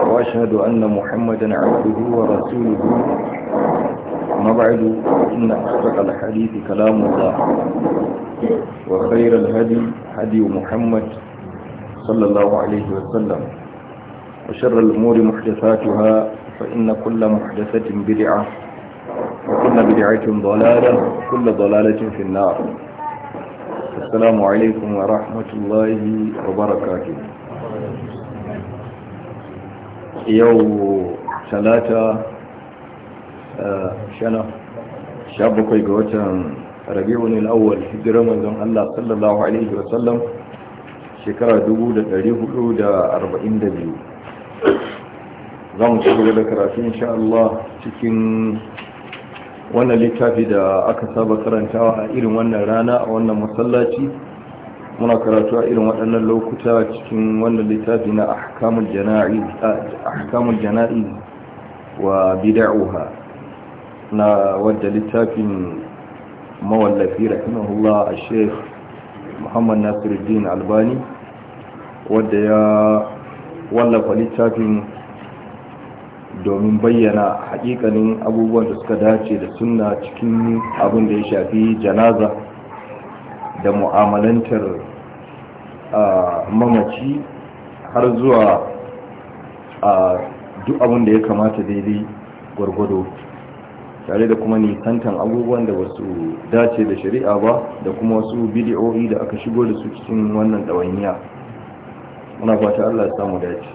وأشهد أن محمدا عبده ورسوله ما بعد إن أصدق الحديث كلام الله وخير الهدي هدي محمد صلى الله عليه وسلم وشر الأمور محدثاتها فإن كل محدثة بدعة وكل بدعة ضلالة وكل ضلالة في النار السلام عليكم ورحمة الله وبركاته yau talata eh, shana sha bakwai ga watan Rabi'u rabi'un al'awwal hijirar manzon Allah sallallahu alaihi wa shekara 1442 za mu shiga da karatu insha Allah cikin wannan littafi da aka saba karantawa a irin wannan rana a wannan masallaci muna karatu a irin waɗannan lokuta cikin wannan littafi na ahkamul jana'iz wa bida'uha na wadda littafin mawallafi rahimahullah a sheikh muhammad nasiruddin albani wadda ya wallafa littafin domin bayyana hakikanin abubuwan da suka dace da suna cikin abin da ya shafi janaza da mu'amalantar mamaci har zuwa duk abin da ya kamata daidai gwargwado tare da kuma nisantan abubuwan da wasu dace da shari'a ba da kuma wasu bidiyoyi da aka shigo da su cikin wannan ɗawainiya muna fata allah ya samu dace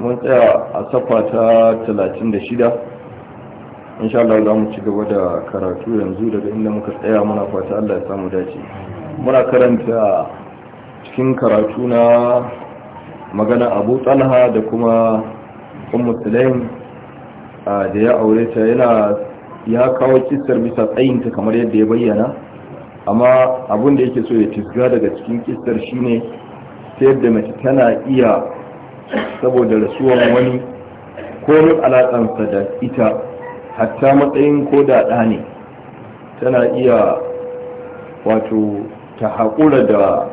mun tsaya a safa ta shida. insha Allah za mu ci gaba da karatu yanzu daga inda muka tsaya muna fata Allah ya samu dace muna karanta cikin karatu na magana Abu Talha da kuma Ummu Sulaim da ya aure ta yana ya kawo kissar bisa tsayinta kamar yadda ya bayyana amma abun da yake so ya tisga daga cikin kissar shine ta yadda mace tana iya saboda rasuwan wani ko alaƙansa da ita hatta matsayin ko da ɗa ne tana iya wato ta haƙura da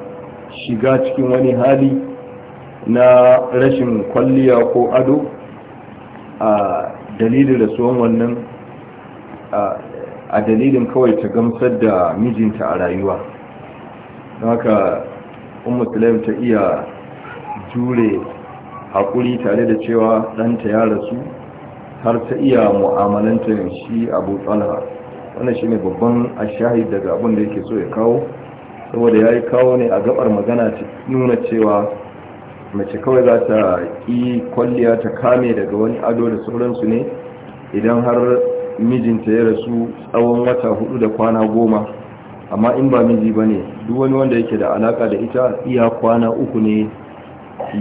shiga cikin wani hali na rashin kwalliya ko ado a dalilin rasuwan wannan a dalilin kawai ta gamsar da mijinta a rayuwa don haka umarsalam ta iya jure haƙuri tare da cewa ɗanta ya rasu har ta iya mu'amalantar shi abu talha wannan shi ne babban ashahid daga abin da yake so ya kawo saboda ya yi kawo ne a gabar magana ta nuna cewa mace kawai za ta ƙi kwalliya ta kame daga wani ado da sauransu ne idan har mijinta ya rasu tsawon wata hudu da kwana goma amma in ba miji ba ne duk wani wanda yake da alaka da ita iya kwana uku ne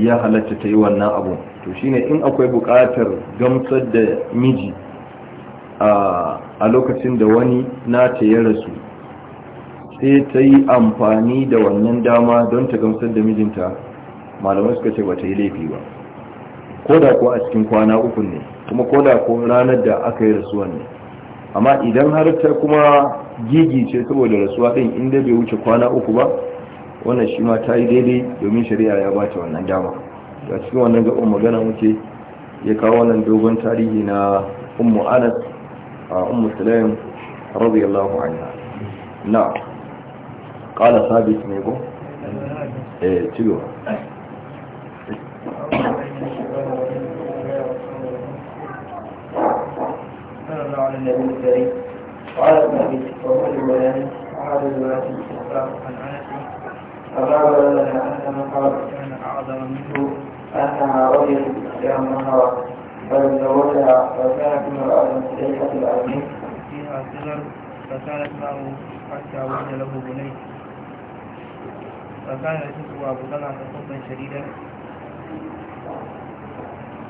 ya halatta ta yi wannan abu to shine in akwai buƙatar gamsar da miji a lokacin da wani nata ya rasu sai ta yi amfani da wannan dama don ta gamsar da mijinta malamai suka ce bata yi laifi ba ko da ko a cikin kwana uku ne kuma ko da ko ranar da aka yi rasuwa ne amma idan har ta kuma gigi ce saboda rasuwa ɗin inda bai wuce kwana uku ba wannan shi ma ta yi daidai domin shari'a ya bata wannan dama ga cikin wannan ga umma gana muke ya kawo wannan dogon tarihi na ummu anas a ummu sulaim radiyallahu anha na kala sabit ne ko eh cigo على النبي الكريم وعلى النبي وهو الولد وعلى عن انس فما بلغنا ان قال أعظم منه أنها رجل يوم النهار بل زوجها فكانت من الأعظم شيخة العلمين فيها صغر فكانت معه حتى وجد له بني فكان يحب أبو طلعة حبا شديدا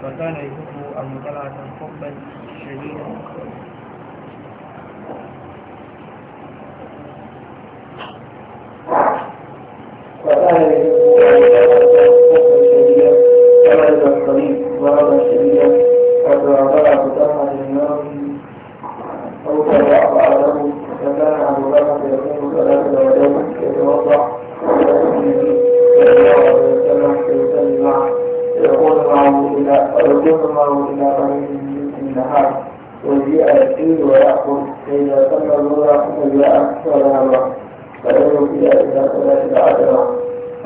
فكان يحب أبو طلعة حبا شديدا وكان يحب وعرض الطريق ضربا شديدا فتعطى قدام الإمام أو تضعف له فكان أبو بكر يكون صلاة الغداء يتوضأ يقول معه إلى ويقول معه إلى قريب من النهار وجيء يسير ويقول فإذا صلى الظهر فجاء فلا فلا فيدخل إلى صلاة عشره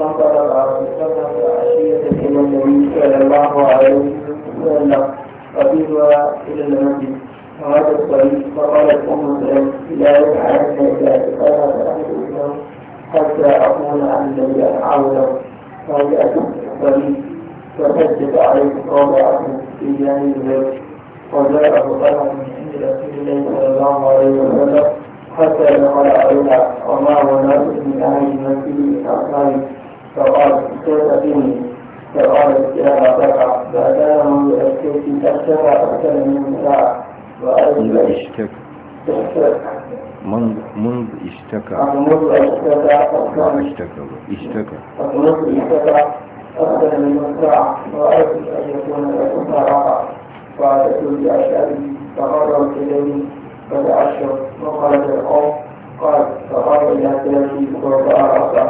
فصل العصر فصل عشية إلى النبي صلى الله عليه وسلم قدمها إلى المسجد فهذا الطريق فقالت أم سلمة لا يفعلن إلا إقامة أحدكم حتى أكون عن الذي أفعله فجاءت الطريق فسجد عليه رابعة في جانب البيت وجاء طلب من عند رسول الله صلى الله عليه وسلم حتى دخل عليها ومعه ناس من أهل المسجد الأنصاري فقال كيف فيني فقالت يا رفاقة فأتانه يشتكي أكثر أكثر من ساعة منذ اشتكى منذ اشتكى منذ اشتكى اشتكى اشتكى منذ اشتكى أكثر من ساعة وأرجو أن يكون لكم رقع فأتيت بأشعري فقررت إليه فتعشر وخرج القوم قال فقال إلى ثلاثي وأربع رقع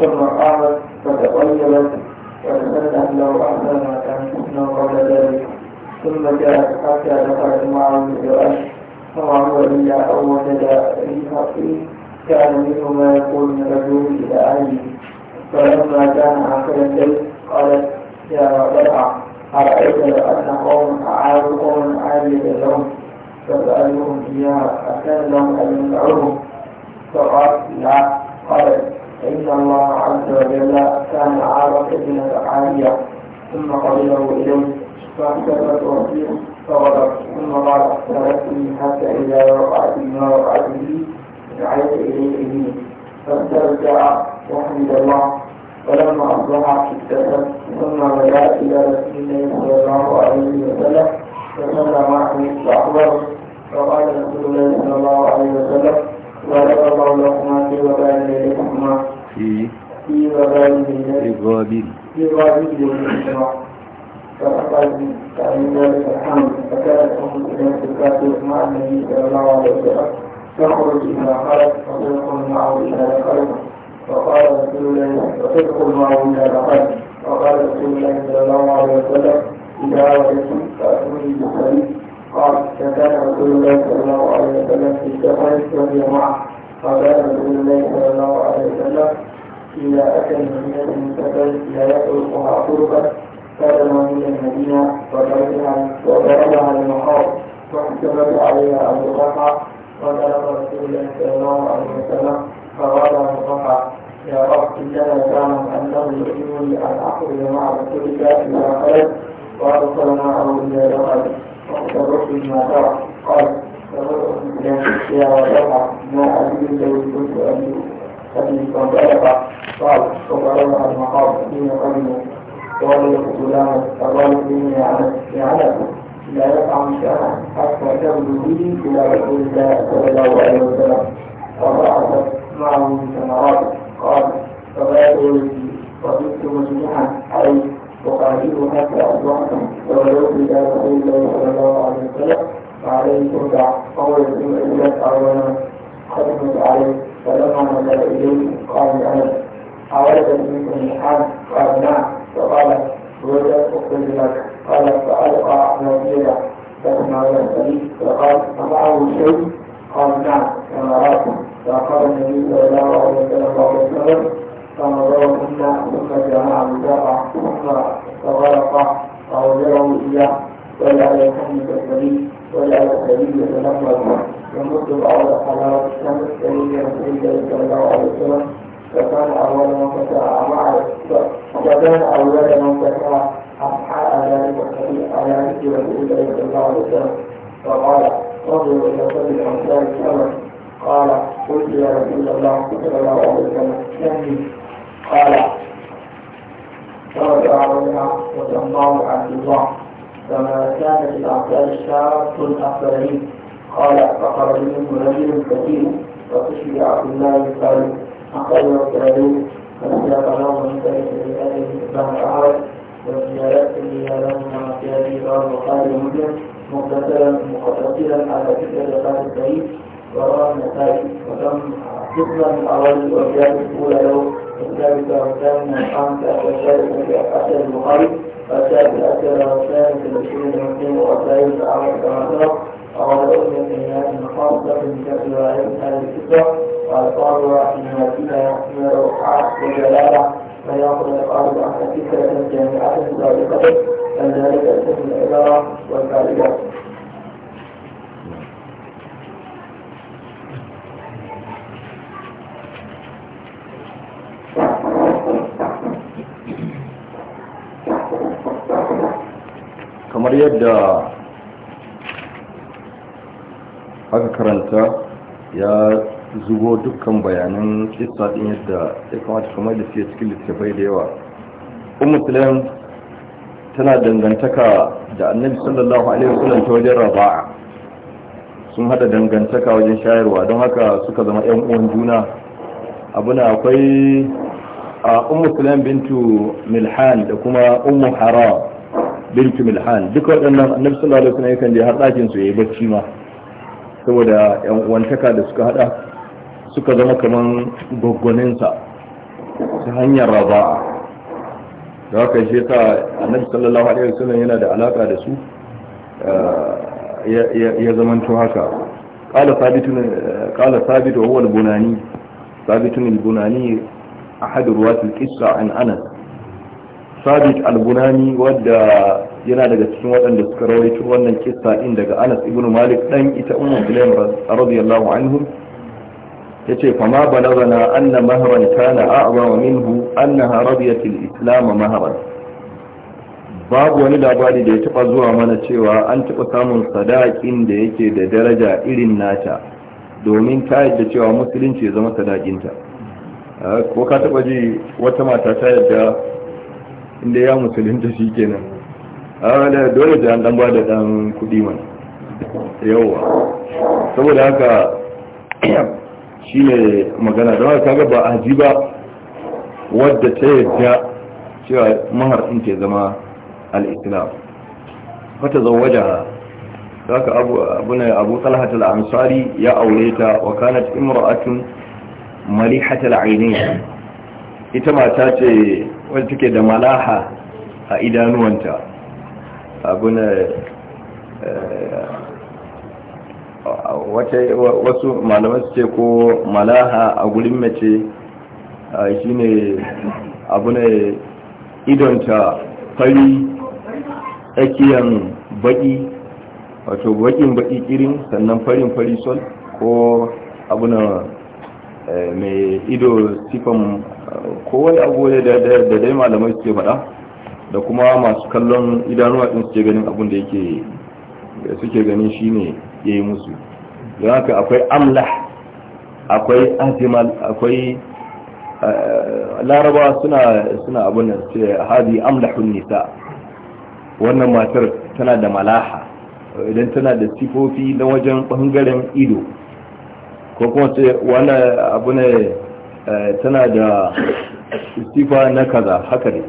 ثم قالت فتطيبت وتفتح له ما كان قبل ذلك ثم جاءت حتى دخلت معه الجراش فما هو إلا أو وجد ريح فيه كان منه ما يقول من رجوله إلى أهله فلما كان آخر الليل قالت يا ربيعة أرأيت لو أن قوم أعادوا قوم عالية لهم فسألوهم إياها أكان لهم أن ينفعوهم فقالت لا قالت فإن الله عز وجل كان عارف ابنة عالية ثم قبله إليه فاحتفت وفيه فغضب ثم قال تركتني حتى إذا وقعت ما وقعت به دعيت إليه إليه فاسترجع وحمد الله ولما أصبح اكتسب ثم رجع إلى رسول الله صلى الله عليه وسلم فسلم عليه فأخبره فقال رسول الله صلى الله عليه وسلم بارك الله لكما في وبال لكما في في وبال في غابر في غابر فأخذ من ذلك الحمد فكانت أم سلمة الكافر مع النبي صلى الله عليه وسلم تخرج إلى خلق وتدخل معه إلى خلق وقال رسول الله صلى الله عليه وسلم إذا وجدتم فأتوني بخليل قال فكان رسول الله صلى الله عليه وسلم في السفر معه فكان رسول الله صلى الله عليه وسلم إذا أكل المدينة من سفر لا يتركها طرقا سلم من المدينة وضرب على المحاط واحتمل عليها أبو رفعة وضرب رسول الله صلى الله عليه وسلم فقال أبو رفعة يا رب إننا تعلم أنه يؤمنني أن أخرج مع رسولك إلى خلد وأرسلنا أو إلى دخل ورسل ما ترى قال يا وجهه ما أبي الذي كنت أبي أبي فانطلق قال فقرنا المقام حين قدموا قال له غلام الرجل مني يعلم لا يطعم شيئا حتى تبدو به إلى رسول الله صلى الله عليه وسلم فبعثت معه ثمرات قال فبات ولدي وجدت مجموعا عليه وقائله حتى أصبحتم ولو إلى رسول الله صلى الله عليه وسلم وعليكم قول إلا أولا ختمت عليه فلما نزل إليه قال لأنس أولد منكم الحال قال نعم فقال وجدت أخرج لك قال فألقى نبيلا فسمع يسألي فقال أمعه شيء قال نعم كما رأيتم فأخذ النبي صلى الله عليه وسلم فنظرهن ثم جمع الجرع ثم تغرق فأوزره إياه وجعل يحمد السبيل وجعل السبيل يتنفس يمد بعض حلاوة الشمس سبيل رسول صلى الله عليه وسلم فكان أول من فتح مع وكان أول من فتح أصحاء ذلك الحديث على مثل رسول الله صلى الله عليه وسلم فقال انظروا إلى كل أمثال الشمس قال قلت يا رسول الله صلى الله عليه وسلم كمي قال فرجع علينا وجمع عبد الله فما كان في الاعتاد شاب أخبرين قال فخرج منه رجل كثير وتشبع عبد الله قال أقل الكريم فاذا له من بيت لأهله بن عارف وزيارته لهم مع الارض وقال مجد مقتتلا مقتتلا على فكرة قال الكريم وروى النسائي وتم قسمة من أوائل وأبيات الأولى له والثالثة والثامنة والخامسة والثالثة في أثر البخاري والسابعة أثر والثامنة في العشرين المسلم والثالثة العمل كما سبق وقال أؤمن في نهاية الخامسة في كتاب رواية هذه القصة والقارة في نهايتها من الروحات والجلالة فيأخذ القارب عن فكرة جامعة صادقة كذلك اسم العبارة والتعليقات kamar yadda aka karanta ya zubo dukkan bayanan kisa din yadda ya kamata kuma da fiye cikin littafai da yawa ummu sulaim tana dangantaka da annabi sallallahu alaihi wasallam ta wajen raba'a sun hada dangantaka wajen shayarwa don haka suka zama yan uwan juna abuna akwai a ummu sulaim bintu milhan da kuma ummu haram bintu milhan duka waɗannan annabi sallallahu alaihi wasallam yakan je har ɗakin su yayi bacci ma saboda yan da suka hada suka zama kaman gwaggwanin sa ta hanyar raba'a da haka shi yasa annabi sallallahu alaihi wasallam yana da alaka da su eh, ya zamanto haka kala thabitun qala thabit wa huwa al-bunani thabitun al-bunani ahad ruwat an anas sabit al wadda yana daga cikin waɗanda suka rawaito wannan kissa din daga anas ibn malik dan ita ummu sulaim radiyallahu anhu yace fa ma balagana anna mahran kana a'zama minhu annaha radiyat al mahran babu wani labari da ya taba zuwa mana cewa an taba samun sadakin da yake da daraja irin nata domin ta yadda cewa musulunci ya zama sadakinta ko ka taba ji wata mata ta yadda inda ya musulunta shi kenan a dole ta dan ba da dan kudi man yawa saboda haka shine magana don haka kaga ba ji ba wadda ta yadda cewa maharfin ke zama al-islam fata zawaja haka abu abuna abu talhat al-ansari ya aure ta wa kanat imra'atun malihat al-ainayn ita mata ce wadda take da malaha a idanuwanta abuna eh, wasu malamai su ce ko malaha a gurin mace shi ne abuna idanta fari tsakiyar baki wato bakin baki kirin sannan farin fari sol ko abuna eh, mai ido sifan ko wani abu ne da dai malamai suke faɗa da kuma masu kallon idanuwa ɗin suke ganin abin da yake suke ganin shine ya yi musu don haka akwai amla akwai azimal akwai eh, laraba suna suna abin da ce hadi amlahun nisa wannan matar tana da malaha idan tana da sifofi na wajen bangaren ido ko kuma ce wani abu ne Eh, tana da sifa na kaza haka ne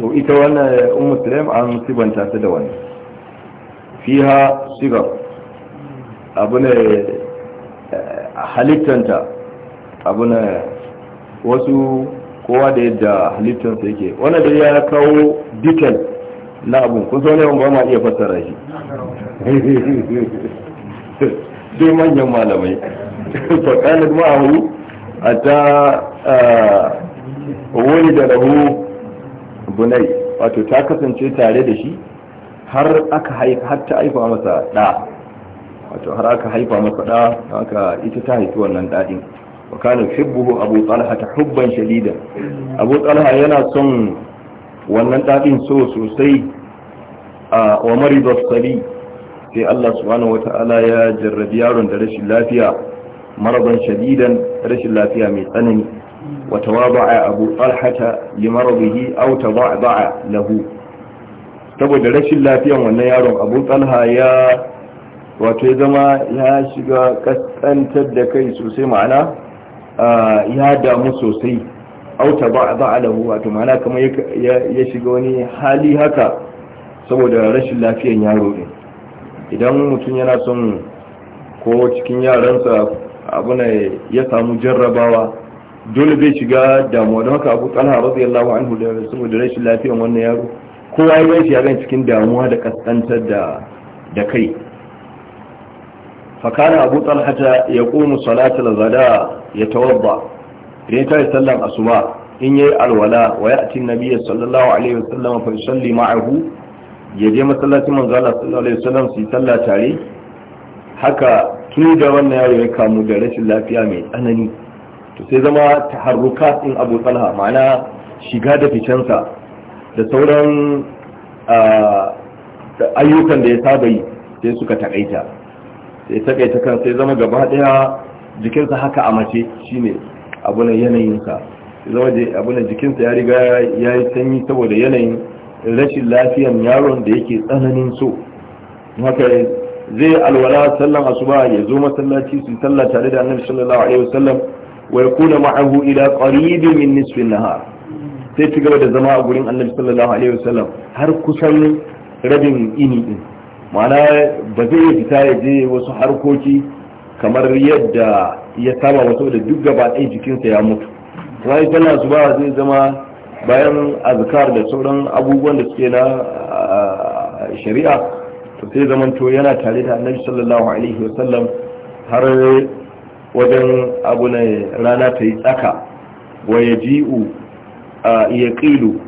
to ita wannan eh, ummu sulaim an sibanta ta da wani fiha sigar abu ne eh, halittanta abu ne wasu kowa da yadda halittansa yake wannan da ya kawo detail na abun kun ne ba ma iya fassara shi dai manyan malamai faƙalar ma'ahu hatta wani da rahu bunai wato ta kasance tare da shi har aka haifa masa ɗa wato har aka haifa masa ɗa haka ita ta haifi wannan ɗaɗin wa kana yuhibbuhu abu talha ta hubban shadida abu talha yana son wannan ɗaɗin so sosai a wa maridu sai Allah subhanahu wataala ya jarrabi yaron da rashin lafiya maraban شديدا rashin lafiya mai tsanani wa tawada'a abu talhata li maradihi aw tawada'a lahu saboda rashin lafiyan wannan yaron abu talha ya wato ya zama ya shiga kaskantar da kai sosai ma'ana ya damu sosai auta ba a lahu wato ma'ana kamar ya shiga wani hali haka saboda rashin lafiyan yaro ne idan mutum yana son ko cikin yaransa ne ya samu jarrabawa dole zai shiga damuwa don haka abu talha radiyallahu anhu da da rashin lafiyan wannan yaro kowa ya shi yaran cikin damuwa da kaskantar da da kai fakana abu talha ta ya qumu da zada ya tawabba idan ta yi sallan asuba in yayi alwala wa ya'ti an-nabiy sallallahu alaihi wasallam fa yusalli ma'ahu ya je masallacin manzo Allah sallallahu alaihi wasallam su yi sallah tare haka sai da wannan yaro ya kamu da rashin lafiya mai tsanani to sai zama taharruka in abu talha ma'ana shiga da ficensa da sauran ayyukan da ya saba yi sai suka takaita sai takaita kan sai zama gaba daya jikinsa haka a mace shine abunan yanayinsa zama abunan jikinsa ya riga ya yi sanyi saboda yanayin rashin lafiyan yaron da yake tsananin so haka zai alwala sallan asuba ya zo masallaci su talla tare da annabi sallallahu alaihi wasallam wa yakuna ma'ahu ila qaribin min nisfi nahar sai ci gaba da zama a gurin annabi sallallahu alaihi wasallam har kusan rabin ini din ma'ana ba zai fita ya je wasu harkoki kamar yadda ya saba wasu da duk gaba ɗaya jikinsa ya mutu wani sallah asuba zai zama bayan azkar da sauran abubuwan da suke na ah, shari'a to sai zamanto yana tare da annabi sallallahu alaihi wa sallam har wajen abu na rana ta yi tsaka wa ya ji'u a iya ƙilu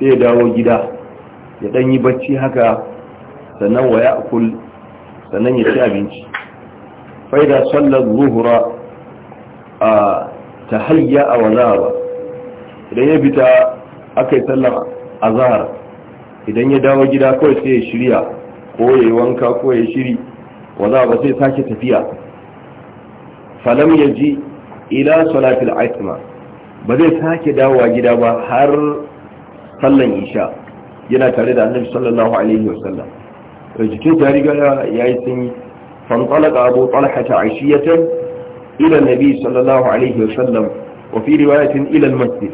sai ya dawo gida ya ɗan yi bacci haka sannan wa ya akul sannan ya ci abinci faida sallar zuhura a ta hayya a ba idan ya fita aka yi sallar azahar idan ya dawo gida kawai sai ya shirya ko ya yi wanka ko ya shiri wala ba zai sake tafiya falam ya ji ila salatul asma ba zai sake dawowa gida ba har sallan isha yana tare da annabi sallallahu alaihi wasallam jikin ta riga ya yi sanyi فانطلق أبو طلحة عشية إلى النبي صلى الله عليه وسلم وفي رواية إلى المسجد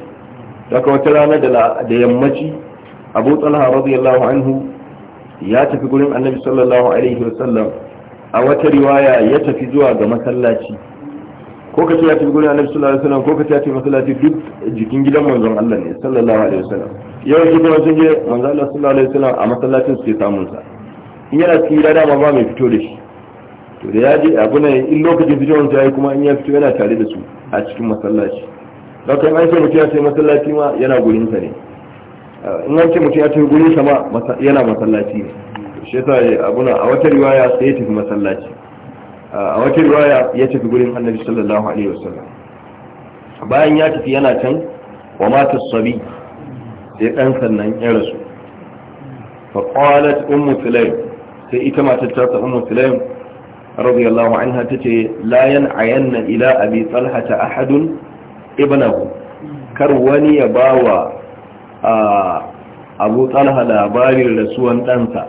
لك وتلا ندل ديمتي أبو طلحة رضي الله عنه ya tafi gurin annabi sallallahu alaihi wasallam a wata riwaya ya tafi zuwa ga masallaci ko kace ya tafi gurin annabi sallallahu alaihi wasallam ko kace ya tafi masallaci duk jikin gidan manzon Allah ne sallallahu alaihi wasallam yau shi kuma sun je manzon Allah sallallahu alaihi wasallam a masallacin suke samun sa in yana cikin gida dama ba mai fito da shi to da ya je abu ne in lokacin fitowar ta yi kuma in ya fito yana tare da su a cikin masallaci lokacin an ce mutum ya ce masallaci ma yana gurin sa ne in an ce mutum ya tafi gurin sama yana masallaci shi yasa abuna a wata riwaya sai ya tafi masallaci a wata riwaya ya tafi gurin annabi sallallahu alaihi wasallam bayan ya tafi yana can wa mata sabi sai dan sannan ya rasu fa qalat ummu sulaim sai ita matar ta ta ummu sulaim radiyallahu anha tace la yan'ayanna ila abi talhata ahadun ibnahu kar wani ya bawa abu talha labarin rasuwan ɗansa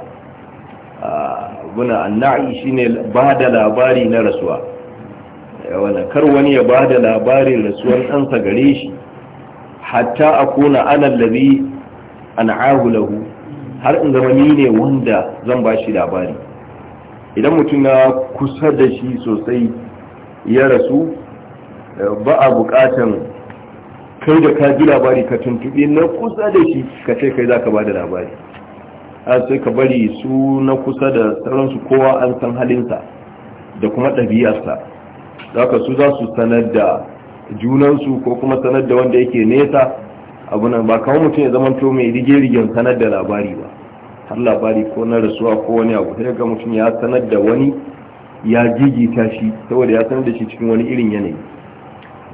buna anna'i shine ba da labari na rasuwa kar wani ya ba da labarin rasuwan ɗansa gare shi hatta a ana anallabi an lahu har in zama ni ne wanda zan ba shi labari idan mutum ya kusa da shi sosai ya rasu ba a bukatan kai da ka ji labari ka tuntuɓe na kusa da shi ka ce kai za ka ba da labari a sai ka bari su na kusa da sauransu kowa an san halinsa da kuma ɗabi'arsa za ka su za su sanar da junansu ko kuma sanar da wanda yake nesa abu nan ba kawo mutum ya zamanto mai rige-rigen sanar da labari ba har labari ko na rasuwa ko wani abu sai ga mutum ya sanar da wani ya jigita shi saboda ya sanar da shi cikin wani irin yanayi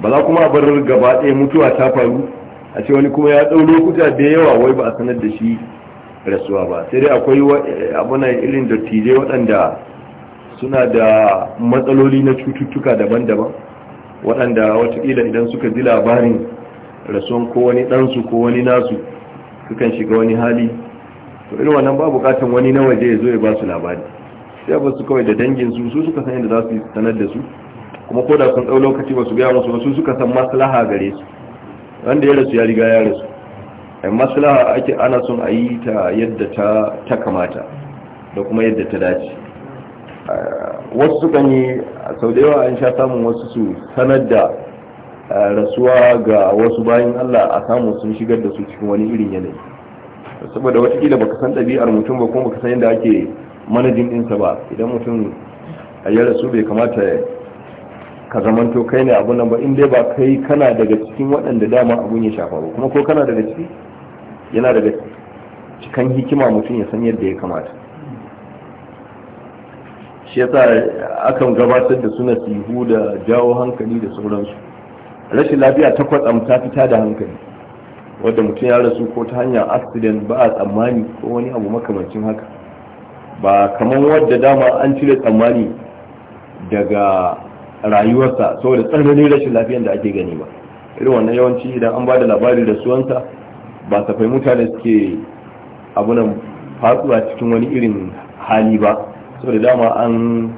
ba za kuma a bar gaba ɗaya mutuwa ta faru a ce wani kuma ya ɗau lokuta da yawa wai ba a sanar da shi rasuwa ba sai dai akwai eh, abuna irin dattijai waɗanda suna da matsaloli na cututtuka daban-daban waɗanda watakila idan suka ji labarin rasuwan ko wani ɗansu ko wani nasu sukan shiga wani hali to irin wannan ba bukatan wani na waje ya zo ya ba su labari sai ba su kawai da dangin su su suka san yadda za su sanar da su kuma ko da sun ɗau lokaci ba su gaya musu ba su suka san maslaha gare su wanda ya rasu ya riga ya rasu a maslaha ake ana son a yi ta yadda ta kamata da kuma yadda ta dace wasu sukan yi sau da yawa an sha samun wasu su sanar da rasuwa ga wasu bayan allah a samu sun shigar da su cikin wani irin yanayi saboda watakila baka san ɗabi'ar mutum ba kuma baka san yadda ake manajin ɗinsa ba idan mutum ya rasu bai kamata ka zamanto kai ne abun nan ba in dai ba kai kana daga cikin waɗanda dama abun ya shafa ba kuma ko kana daga ciki yana daga cikan hikima mutum ya san yadda ya kamata shi yasa akan gabatar da suna sihu da jawo hankali da sauransu rashin lafiya ta kwatsam ta fita da hankali wadda mutum ya rasu ko ta hanyar accident ba a tsammani ko wani abu makamancin haka ba kamar wadda dama an cire tsammani daga rayuwarsa saboda tsananin rashin lafiyar da ake gani ba irin wannan yawanci idan an ba da labari da suwansa ba ta fahimta mutane suke abunan fatsuwa cikin wani irin hali ba saboda dama an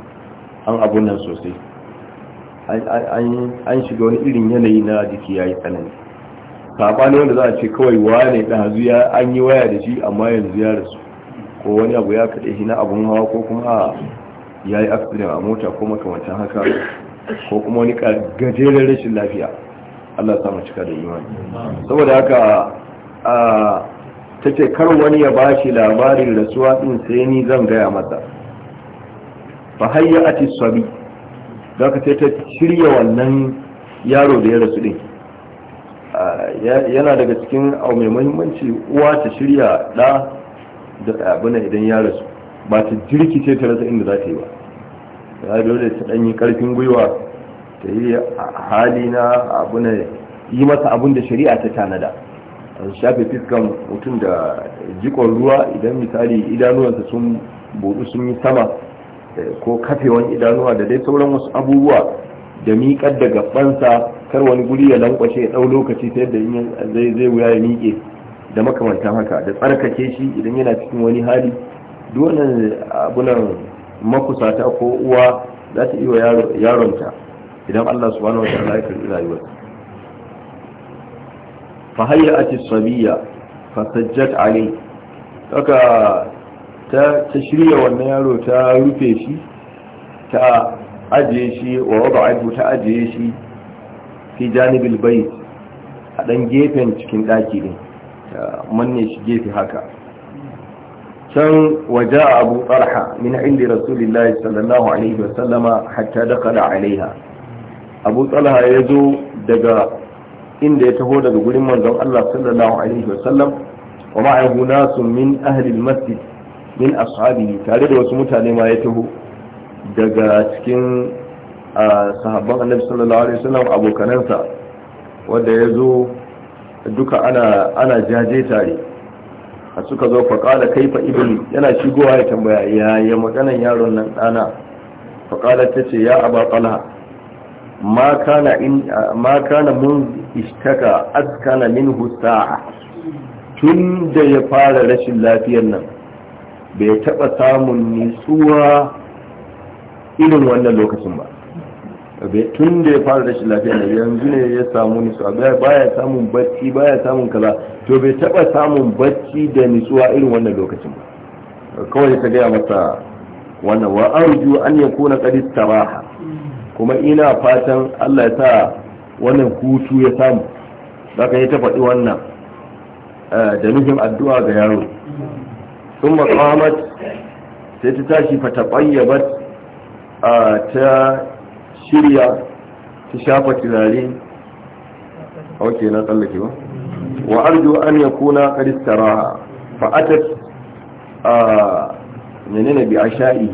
an sosai an shiga wani irin yanayi na jiki ya yi tsanani saɓanin wanda za a ce kawai wane ɗazu ya an yi waya da shi amma yanzu ya rasu ko wani abu ya kaɗe shi na abun hawa ko kuma ya yi accident a mota ko makamantan haka ko kuma wani gajeren rashin lafiya Allah samu cika da imani saboda haka a ta ce kar wani ya bashi labarin rasuwa din sai ni zan gaya masa fa hayya ati sabi da ka ta shirya wannan yaro da ya rasu din yana daga cikin au mai muhimmanci uwa ta shirya da da abuna idan ya rasu ba ta jirki ce ta rasa inda za ta yi ba ya dole ta ɗanyi karfin gwiwa ta yi hali na abu na yi masa abun da shari'a ta tanada a shafe fiskan mutum da jikon ruwa idan misali idanuwansa sun buɗu sun yi sama eh, ko kafewan idanuwa da dai sauran wasu abubuwa da miƙar da gabansa kar wani guri ya lankwashe ya ɗau lokaci ta yadda zai zai wuya ya miƙe da makamantan haka da tsarkake shi idan yana cikin wani hali duwannan abunan makusata ko uwa za ta iya yaronta idan Allah subhanahu wa ta'ala ya karbi rayuwar fa hayyat as-sabiyya fa sajjat ta ta shirya wannan yaro ta rufe shi ta ajiye shi wa wada'ahu ta ajiye shi fi janibil bayt a dan gefen cikin daki ne ta manne shi gefe haka can waje abu talha min indi rasulillahi sallallahu alaihi wasallama hatta dakala alaiha abu talha ya zo daga inda ya taho daga gurin manzon Allah sallallahu alaihi sallam wa ma'ahu nasu min ahli masjid min ashabihi tare da wasu mutane ma ya taho daga cikin sahabban annabi sallallahu alaihi sallam abokanansa wanda ya zo duka ana ana jaje tare a suka zo faƙala kaifa ibli yana shigowa ya tambaya yaya maganan yaron nan ɗana faƙala ta ce ya aba ƙala ma kana mun ishtaka askana min sa'a tun da ya fara rashin lafiyar nan bai taɓa samun nutsuwa irin wannan lokacin ba tun da ya fara rashin lafiya ne yanzu ne ya samu nisuwa baya samun bacci baya samun kaza to bai taba samun bacci da nisuwa irin wannan lokacin ba kawai ka gaya masa wannan wa arju an ya kona qadis kuma ina fatan Allah ya sa wannan hutu ya samu zaka yi ta faɗi wannan eh, da nufin addu'a ga yaro sun qamat sai ta tashi fa tabayyabat ah, ta shirya ta shafa turare ok na tsallake ba wa arju an ya kuna karistara ba a menene bi asha'i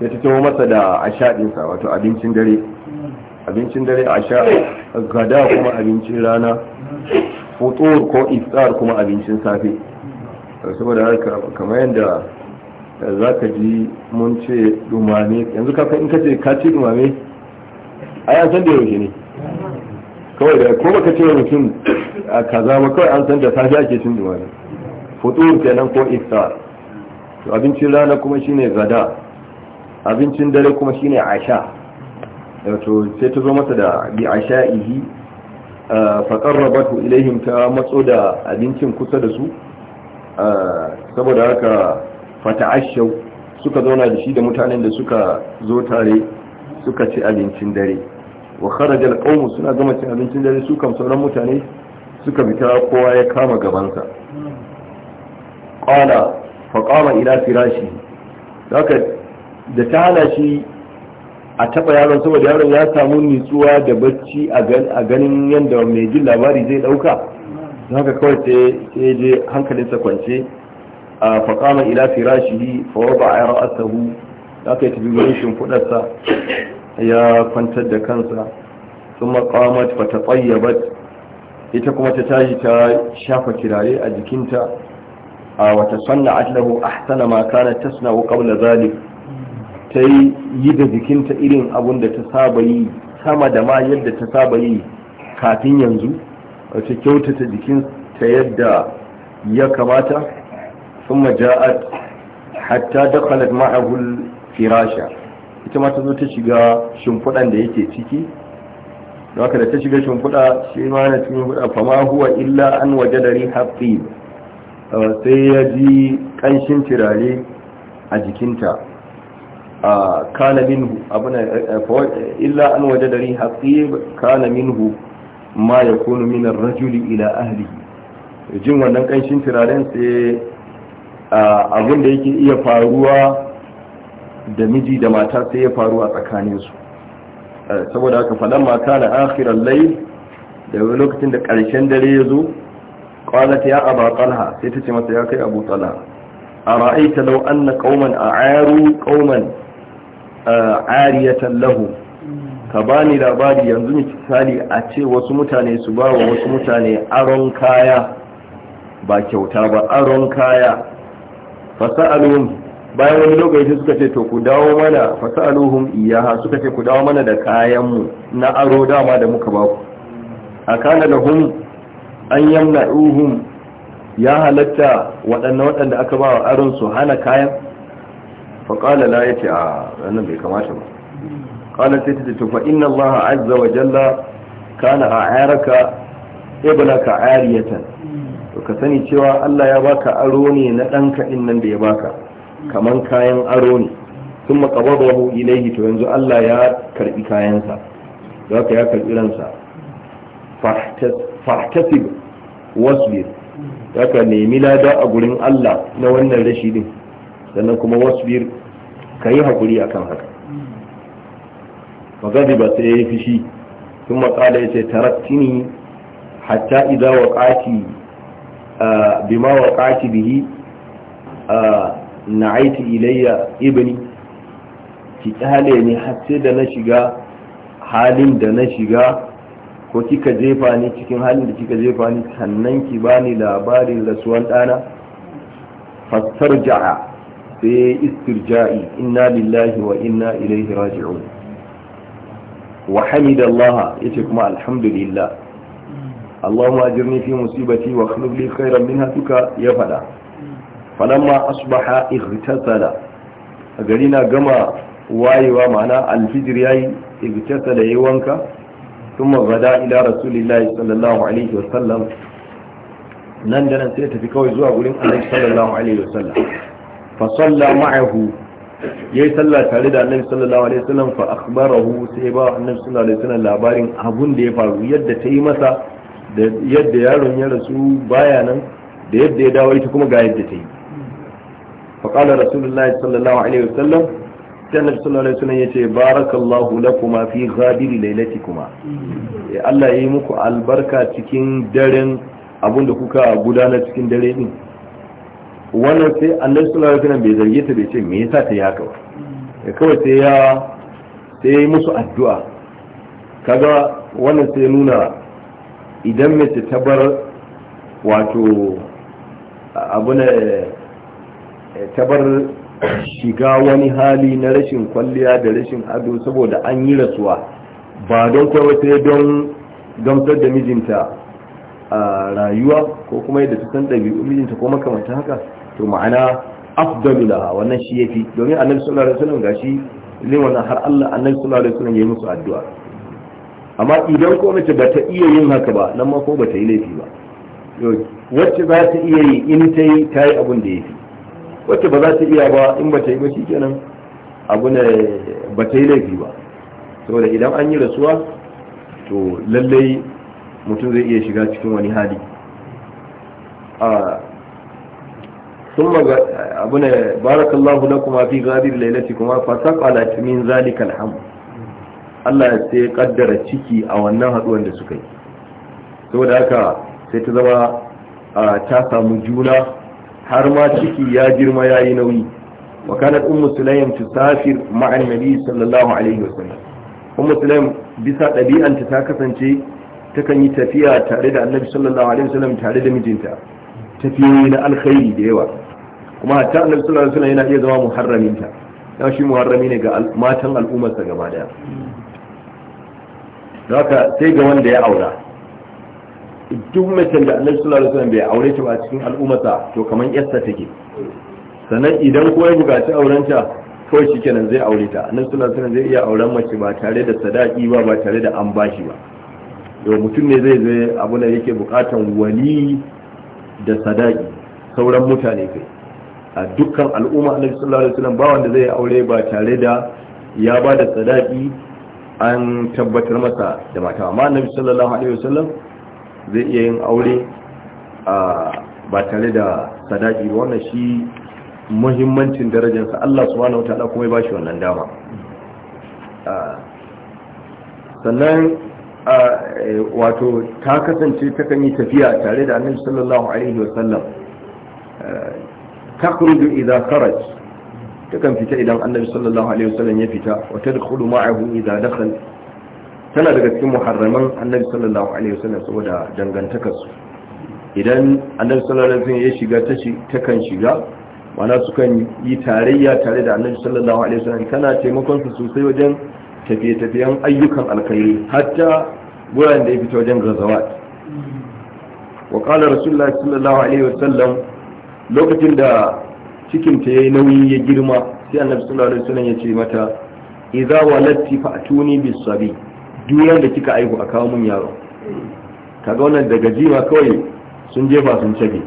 ya fito masa da sha'insa wato abincin dare abincin dare asha gada kuma abincin rana futur ko iftar kuma abincin safe saboda kamar yadda za ka ji mun ce dumame yanzu ka in ka ce ka ce dumame ai an san da yaushe ne kawai da ko baka ce mutum a kaza ba kawai an san da safi ake cin dumame futur kenan ko iftar to abincin rana kuma shine gada abincin dare kuma shine asha wato sai ta zo masa da bi ihi fa qarrabatu ilaihim ta matso da abincin kusa da su saboda haka fata'ashau suka zauna da shi da mutanen da suka zo tare suka ci abincin dare wa kharaja alqawm suna gama cin abincin dare su kam sauran mutane suka fita kowa ya kama gabansa qala fa qama ila firashi haka da ta hana shi a taba yaron saboda yaron ya samu nitsuwa da bacci a ganin yadda mai jin labari zai dauka haka kawai sai je hankalinsa kwance a فقام إلى فراشه فوضع رأسه Ya kwantar da kansa. كنتد كنسا ثم ta tsayyabat. ita kuma ta tashi ta shafa kirare a jikinta a wata sanna atlahu ahsana ma kana tasna'u qabla zalik ta yi da jikinta irin abun da ta saba yi sama da ma yadda ta saba yi kafin yanzu ta kyautata jikinta yadda ya kamata ثم جاءت حتى دخلت معه الفراشة ita ma ta zo ta shiga shimfiɗan da yake ciki da haka da ta shiga shimfiɗa shi ma na cikin shimfiɗa fama huwa illa an waje da rihafi sai ya ji ƙanshin turare a jikinta a kana minhu abuna illa an waje da rihafi kana minhu ma ya kunu minar rajuli ila ahli jin wannan ƙanshin turaren sai abin da yake iya faruwa da miji da mata sai ya faru a tsakaninsu saboda haka faɗan mata na akhirar lai da lokacin da ƙarshen dare ya zo ƙwalat ya aba talha sai ta ce masa ya kai abu talha a ra'aita lau an na ƙauman a aru ƙauman ariyatan lahu ka ba ni labari yanzu misali a ce wasu mutane su ba wa wasu mutane aron kaya ba kyauta ba aron kaya fasa'aluhum bayan wani lokaci suka ce to ku dawo mana fasa'aluhum iyaha suka ce ku dawo mana da kayan mu na aro dama da muka ba ku akana lahum an yamna'uhum ya halatta waɗanne waɗanda aka ba wa aron su hana kayan faƙala la ya ce a ranar bai kamata ba ƙalar sai ta tufa inna Allah azza wa jalla kana a ayaraka ibnaka ariyatan to ka sani cewa Allah ya baka aro ne na ɗanka ɗin nan da ya baka kaman kayan aro ne sun maƙabarwahu ilaihi to yanzu Allah ya karɓi kayansa za ka ya karɓi ransa fahtasib wasbir za ka nemi lada a gurin Allah na wannan rashi din sannan kuma wasbir ka yi haƙuri akan haka magadi ba sai ya yi fushi sun maƙala ya ce tarattini hatta idza waqati bima wa ƙati bihi na aiti ilayya ibni ki kyale ni da na shiga halin da na shiga ko kika jefa ni cikin halin da kika jefa ni sannan ki bani labarin rasuwan ɗana fasar ja'a sai istirja'i inna lillahi wa inna ilaihi raji'un wa hamida Allah yace kuma alhamdulillah اللهم أجرني في مصيبتي واخلق لي خيرا منها تك يفدا فلما أصبح اغتسل غرينا جما وايوا معنا الفجر ياي اغتسل يوانك ثم غدا إلى رسول الله صلى الله عليه وسلم nan da nan sai tafi kawai zuwa gurin annabi sallallahu alaihi wasallam fa salla ma'ahu yayi sallah tare da annabi sallallahu alaihi wasallam fa akhbarahu sai ba annabi sallallahu alaihi wasallam labarin abun da ya faru yadda ta yi masa da yadda yaron ya rasu baya nan da yadda ya dawo ita kuma ga yadda ta yi faƙalar rasulullahi sallallahu alaihi wasallam ta nabi sallallahu alaihi wasallam yace barakallahu lakuma fi ghadiri kuma. Eh, ya Allah yi muku albarka cikin daren da kuka gudanar cikin dare din wannan sai annabi sallallahu alaihi wasallam bai zarge ta bai ce me yasa ta yi haka ba ya eh, kawai sai ya sai musu addu'a kaga wannan sai nuna idan mace ta bar wato eh, ta bar shiga wani hali na rashin kwalliya da rashin ado saboda an yi rasuwa ba don kawai sai don gamsar da mijinta a rayuwa ko kuma yadda ta san ɗabi'u mijinta ko makamanta haka to ma'ana afdalu wannan shi ya fi. domin annabi sallallahu alaihi wasallam gashi lewana har Allah annabi sallallahu alaihi wasallam yayi musu addu'a amma idan ko mace ba ta iya yin haka ba nan ma ko ba ta yi laifi ba wacce za ta iya yi in ta yi ta yi abin da ya fi wacce ba za ta iya ba in ba ta yi ba shi kenan abu ne ba ta yi laifi ba saboda idan an yi rasuwa to lallai mutum zai iya shiga cikin wani hali ثم أبنا بارك الله لكم في غادر ليلتكما فسقلت من ذلك الحمد Allah sai ya kaddara ciki a wannan haduwan da suka yi saboda haka sai ta zama ta samu juna har ma ciki ya girma ya yi nauyi wa kanat ummu sulaim tusafir ma'a nabi sallallahu alaihi wasallam ummu sulaim bisa ɗabi'anta ta kasance takan yi tafiya tare da annabi sallallahu alaihi wasallam tare da mijinta tafiyoyi na alkhairi da yawa kuma hatta annabi sallallahu alaihi wasallam yana iya zama muharraminta ta shi muharrami ne ga matan al'ummarsa gaba daya haka sai ga wanda ya aura duk mace da annabi sallallahu alaihi wasallam bai aure ta ba cikin al'ummata to kamar 'yasta take sannan idan ko ya buƙaci aurenta kawai shikenan zai aure ta annabi sallallahu alaihi wasallam zai iya auren mace ba tare da sadaki ba ba tare da an bashi ba to mutum ne zai zai abu da yake buƙatan wali da sadaki sauran mutane kai a dukkan al'umma annabi sallallahu alaihi wasallam ba wanda zai aure ba tare da ya ba da sadaki an tabbatar masa da mata amma annabi sallallahu alaihi wasallam zai iya yin aure ba tare da sadaki wannan shi muhimmancin darajarsa Allah subhanahu wataala kuma ya bashi wannan dama sannan wato ta kasance ta kan yi tafiya tare da annabi sallallahu alaihi wasallam takrudu idza kharaj takan fita idan annabi sallallahu alaihi wasallam ya fita wa tadkhulu ma'ahu idza dakhal tana daga cikin muharraman annabi sallallahu alaihi wasallam saboda dangantakar su idan annabi sallallahu alaihi wasallam ya shiga ta takan shiga mana su kan yi tarayya tare da annabi sallallahu alaihi wasallam tana taimakon su sosai wajen tafiye-tafiyen ayyukan alkhairi hatta wuraren da ya fita wajen gazawat wa qala rasulullahi sallallahu alaihi wasallam lokacin da cikinta ya yi nauyi ya girma sai annabi sallallahu alaihi wasallam ya ce mata idza walatti fa'tuni bis sabi duk da kika aihu a kawo mun yaro kaga wannan daga gajima kawai sun jefa sun cage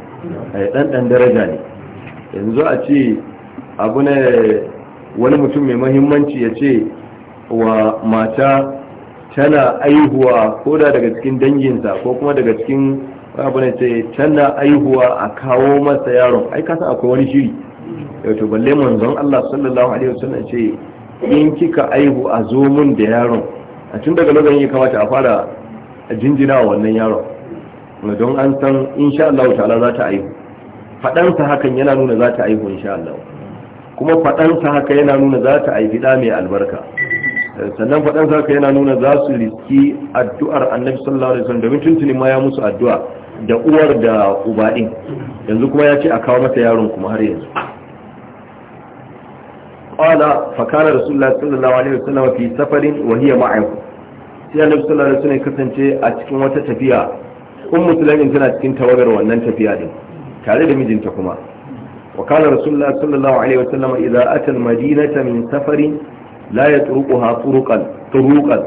ai dan dan daraja ne yanzu a ce abu ne wani mutum mai mahimmanci ya ce wa mata tana aihuwa ko da daga cikin danginsa ko kuma daga cikin abu ne ce tana aihuwa a kawo masa yaron ai kasan akwai wani shiri yau to balle manzon Allah sallallahu alaihi wasallam ce in kika aihu a zo mun da yaron a tun daga lokacin ya kamata a fara jinjina wa wannan yaron don an san insha Allah ta'ala za ta aihu sa hakan yana nuna za ta aihu insha Allah kuma sa haka yana nuna za ta aihu da mai albarka sannan sa haka yana nuna za su riski addu'ar annabi sallallahu alaihi wasallam domin tuntuni ma ya musu addu'a da uwar da uba din yanzu kuma ya ce a kawo masa yaron kuma har yanzu qala fa kana rasulullahi sallallahu alaihi wasallam fi safarin wa hiya ma'ahu sai annabi sallallahu alaihi wasallam kasance a cikin wata tafiya ummu sulaim tana cikin tawagar wannan tafiya din tare da mijinta kuma wa kana rasulullahi sallallahu alaihi wasallam idza ata madinata min safarin la yatruquha turuqan turuqan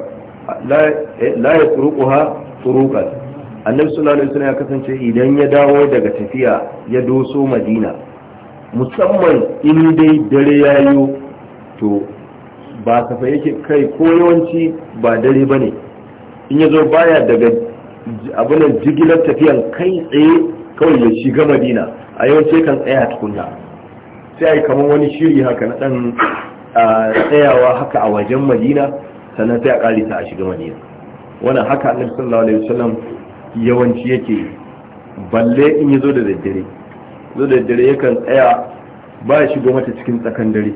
la eh, yatruquha turuqan annabi sallallahu alaihi wasallam ya kasance idan ya dawo daga tafiya ya doso madina musamman in dai dare ya yayo to ba kafa yake kai ko yawanci ba dare ba ne in ya zo baya daga abinan jigilar tafiyan kai tsaye kawai ya shiga madina a yawanci kan tsaya tukunna sai a yi kamar wani shiri haka na ɗan tsayawa haka a wajen madina sannan sai a ƙarisa a shiga madina wannan haka annabi sallallahu alaihi wasallam yawanci yake balle in ya zo da daddare zo da daddare yakan tsaya ba ya shigo mata cikin tsakan dare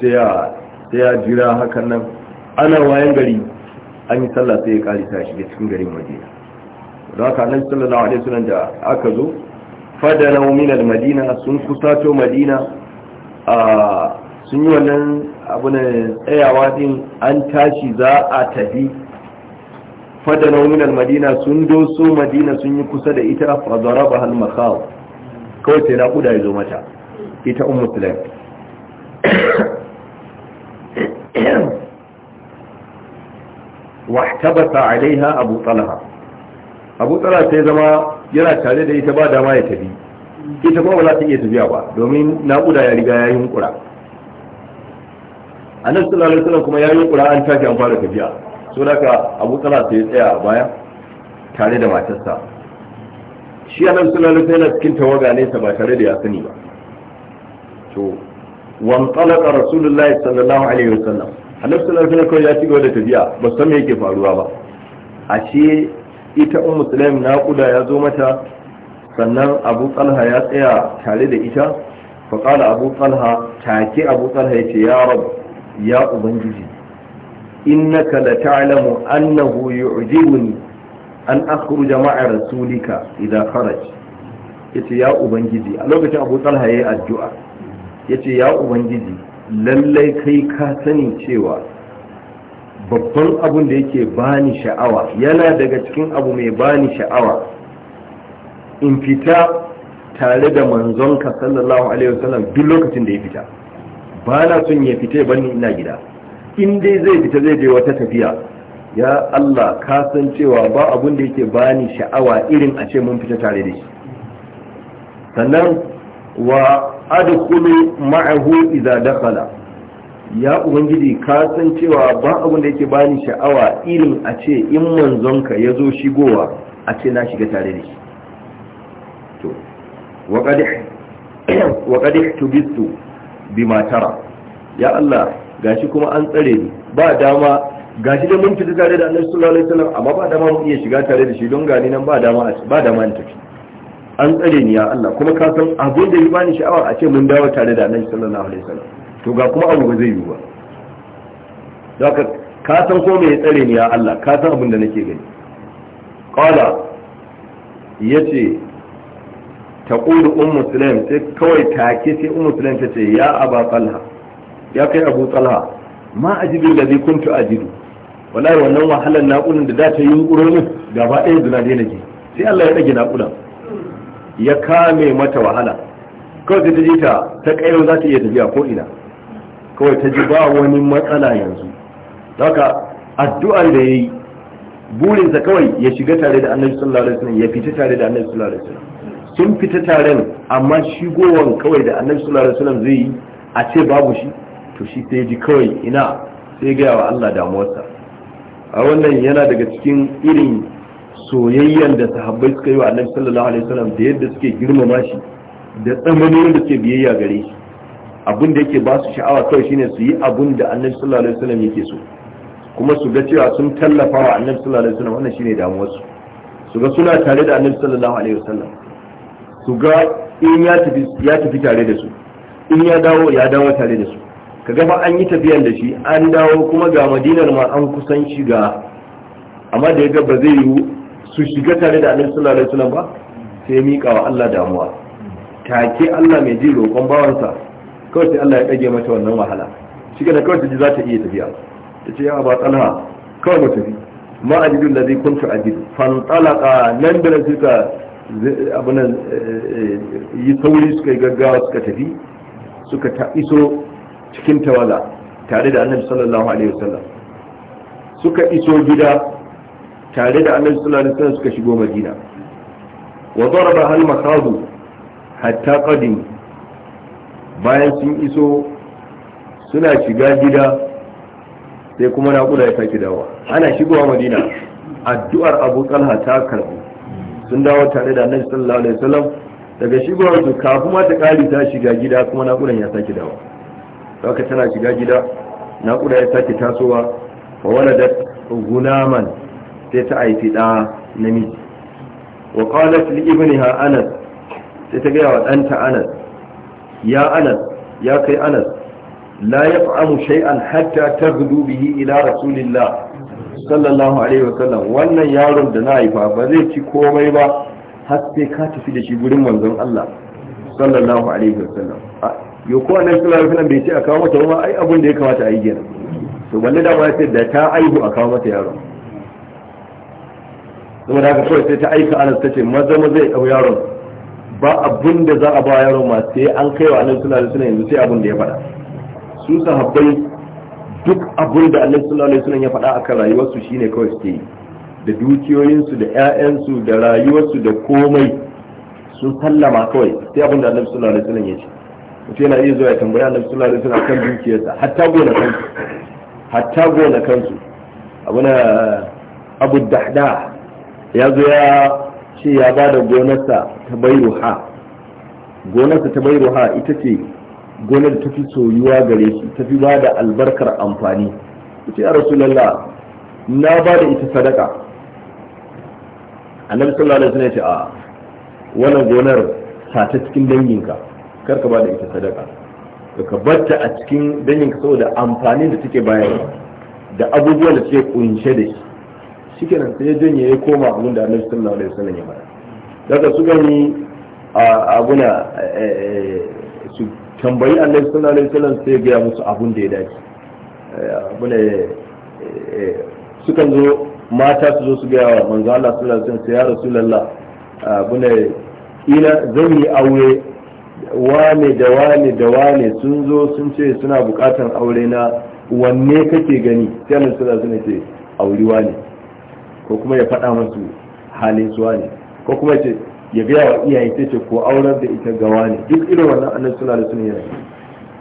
sai ya sai ya jira hakan nan ana wayan gari an yi sallah sai ya karisa shi cikin garin madina don haka annabi sallallahu alaihi wasallam da aka zo fadana min al-madina sun kusato madina a sun yi wannan abu ne tsayawa din an tashi za a tafi fadana min al-madina sun doso madina sun yi kusa da ita fa zaraba al-makhaw kawai sai na kuda ya zo mata ita ummu sulaim wahtabata alaiha abu talha abu talha sai zama yana tare da ita ba dama ya tafi ita kuma ba za ta iya tafiya ba domin naƙuda ya riga ya yunkura a nan sallallahu alaihi wasallam kuma ya yunkura an tafi an fara tafiya so daga abu talha sai tsaya a baya tare da matarsa shi a nan sallallahu alaihi wasallam cikin tawaga ne ba tare da ya sani ba to wantalaka rasulullahi sallallahu alaihi wasallam annabi sallallahu alaihi wasallam ya ci gaba da tafiya ba san me yake faruwa ba ashe ita ummu sulaim naquda ya zo mata sannan abu talha ya tsaya tare da ita fa qala abu talha take abu talha yace ya rab ya ubangiji innaka la ta'lamu annahu yu'jibuni an akhruja ma'a rasulika idha kharaj yace ya ubangiji a lokacin abu talha yayi addu'a ya ce ya ubangiji lallai kai ka sani cewa babban abun da yake bani sha'awa yana daga cikin abu mai bani sha'awa in fita tare da manzonka sallallahu alaihi wasallam duk lokacin da ya fita ba na son ya fita bani ina gida in dai zai fita zai je wata tafiya ya Allah ka san cewa ba abun da yake bani sha'awa irin a ce mun fita tare da shi sannan wa adkhulu ma'ahu idza dakhala ya ubangiji ka san cewa ba abin da yake bani sha'awa irin a ce in manzonka ya zo shigowa a ce na shiga tare da shi to wa qad ihtubistu bima tara ya Allah gashi kuma an tsare ni ba dama gashi da mun fita tare da Annabi sallallahu alaihi wasallam amma ba dama mun iya shiga tare da shi don gani nan ba dama ba dama an tafi an tsare ni ya Allah kuma ka san abin da ya bani sha'awa a ce mun dawo tare da annabi sallallahu alaihi wasallam to ga kuma abu ba zai yi ba daga ka san ko me ya tsare ni ya Allah ka san abin da nake gani qala yace taqulu ummu sulaim sai kawai take sai ummu sulaim tace ya aba talha ya kai abu talha ma ajidu ladhi kuntu ajidu wallahi wannan wahalar naqulin da da ta yi yunkuro min gaba ɗaya da na daina ji sai Allah ya dage naqulan ya kame mata wahala kawai sai ta ji ta ta kairo za ta iya tafiya ko ina kawai ta ji ba wani matsala yanzu haka addu'ar da yayi burinsa kawai ya shiga tare da annabi sallallahu alaihi wasallam ya fita tare da annabi sallallahu alaihi wasallam sun fita tare, amma shigowan kawai da annabi sallallahu alaihi wasallam zai yi a ce babu shi to shi sai ji kawai ina sai gaya wa Allah damuwarsa a wannan yana daga cikin irin Soyayyar da sahabbai suka yi wa annabi sallallahu alaihi wasallam da yadda suke girmama shi da tsamanin da suke biyayya gare shi abin da yake ba su sha'awa kawai shine su yi abin da annabi sallallahu alaihi wasallam yake so kuma su ga cewa sun tallafa wa annabi sallallahu alaihi wasallam wannan shine damuwar su su ga suna tare da annabi sallallahu alaihi wasallam su ga in ya tafi ya tafi tare da su in ya dawo ya dawo tare da su kaga ba an yi tafiyan da shi an dawo kuma ga madinar ma an kusan shiga. amma da ya ga ba zai yiwu su shiga tare da annabi sallallahu alaihi wasallam ba sai mika wa Allah damuwa take Allah mai ji roƙon bawansa kawai sai Allah ya dage mata wannan wahala shi da kawai ta ji za ta iya tafiya ta ce ya ba talha kawai mu tafi ma ajidu ladhi kuntu ajidu fantalaqa nan da suka abunan eh, yi sauri suka yi gaggawa suka tafi suka ta iso cikin tawala tare da annabi sallallahu alaihi wasallam suka iso gida tare da annabi sallallahu alaihi wasallam suka shigo madina wa daraba hal makabu hatta qadim bayan sun iso suna shiga gida sai kuma naƙuda ya sake dawa ana shigowa madina addu'ar abu talha ta karbu sun dawo tare da annabi sallallahu alaihi wasallam daga shigowar su kafin ma ta kari ta shiga gida kuma naƙudan ya sake dawa haka tana shiga gida naƙuda ya sake tasowa wa waladat gunaman sai ta haifi ɗa namiji wa qalat li ibniha anas sai ta gaya wa ɗanta anas ya anas ya kai anas la yaf'amu shay'an hatta taghdu bihi ila rasulillah sallallahu alaihi wa sallam wannan yaron da na haifa ba zai ci komai ba har sai ka tafi da shi gurin manzon Allah sallallahu alaihi wa sallam yo ko annabi sallallahu alaihi wa sallam bai ce a kawo mata ba ai abin da ya kamata a yi kenan to balle da ba sai da ta aihu a kawo mata yaron saboda haka kawai sai ta aika anas ta ce maza maza ya ɗau yaron ba abin da za a ba yaron ma sai an kai wa annabi sallallahu alaihi wasallam yanzu sai abin da ya faɗa su sahabbai duk abin da annabi sallallahu alaihi wasallam ya faɗa akan rayuwarsu shine kawai suke yi da dukiyoyinsu da su da rayuwarsu da komai sun sallama kawai sai abin da annabi sallallahu alaihi wasallam ya ce mutum yana iya zuwa ya tambaya annabi sallallahu alaihi wasallam kan dukiyarsa hatta gona kansu hatta gona kansu abuna abu dahda ya zo ya ce ya ba da gonarsa ta ha, gonarsa ta ha ita ce gonar ta fi soyuwa gare shi ta fi ba da albarkar amfani ita ya rasulallah na ba da ita sadaka annabi sallallahu alaihi wasallam ya ce a wannan gonar sa ta cikin danginka kar ka ba da ita sadaka to ka barta a cikin danginka saboda amfanin da take bayarwa da abubuwan da take kunshe da shi nan sai ya janye ya koma abin da annabi sallallahu alaihi wasallam ya bada daga su gani abuna eh, eh, su tambayi annabi sallallahu alaihi wasallam sai ga musu abun da ya dace eh, abuna sukan zo mata su zo su ga manzo Allah sallallahu alaihi wasallam ya rasulullah abuna ina zan yi aure wane da wane da wane sun zo sun ce suna bukatar aure na wanne kake gani sai annabi sallallahu alaihi wasallam ya ce auriwa ne ko kuma ya faɗa masu halin suwa ne ko kuma ce ya gaya wa iyaye sai ce ko aurar da ita gawa ne duk irin wannan annan suna da suna yana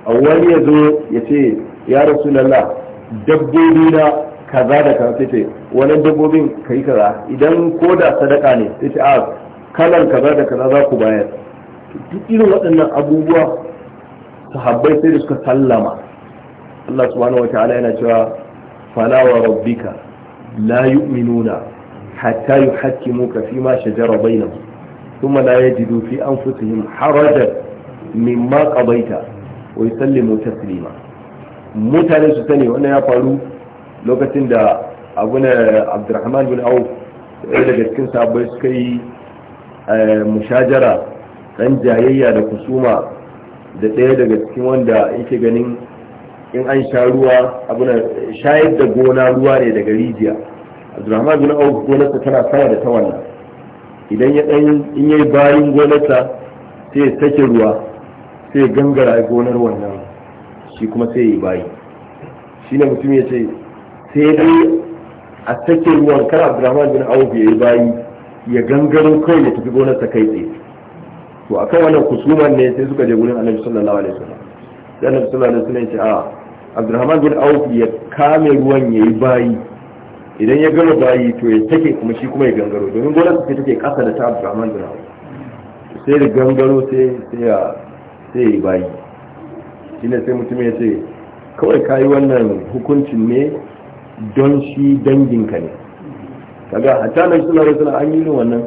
a wani ya zo ya ce ya rasu lalla, dabbobi na kaza da kaza sai ce dabbobi dabbobin yi kaza idan ko da sadaka ne sai ce a kalan kaza da kaza za ku bayar duk irin waɗannan abubuwa sahabbai sai da suka sallama Allah subhanahu wa ta'ala yana cewa fala wa rabbika la hattayu hatta yuhakkimuka fi ma shajara bainahum thumma la yajidu fi anfusihim harajan mimma qadaita wa yusallimu taslima mutane su sani wannan ya faru lokacin da abuna Abdurrahman bin Auf ɗaya daga cikin sahabbai suka yi mushajara dan jayayya da kusuma da ɗaya daga cikin wanda yake ganin in an sha ruwa abuna shayar da gona ruwa ne daga rijiya abdurrahman bin auf gonarsa tana sama da ta wannan idan ya dan in yayi bayin gonarsa sai ya ruwa sai gangara gonar wannan shi kuma sai ya yi bayi shi ne mutum ya ce sai dai a sake ruwan kar abdurrahman bin auf ya yi bayi ya gangaro kai ya tafi gonarsa kai tsaye to akan wannan kusuman ne sai suka je gurin annabi sallallahu alaihi wasallam sai da sallallahu alaihi shi ya a abdurrahman bin auf ya kame ruwan yayi bayi idan ya gama bayi to ya take kuma shi kuma ya gangaro domin gona su take kasa da ta abdurrahman bin auf sai da gangaro sai ya sai ya bayi ne sai mutum ya ce kawai kayi wannan hukuncin ne don shi danginka ne kaga hatta nan suna rasula an yi wannan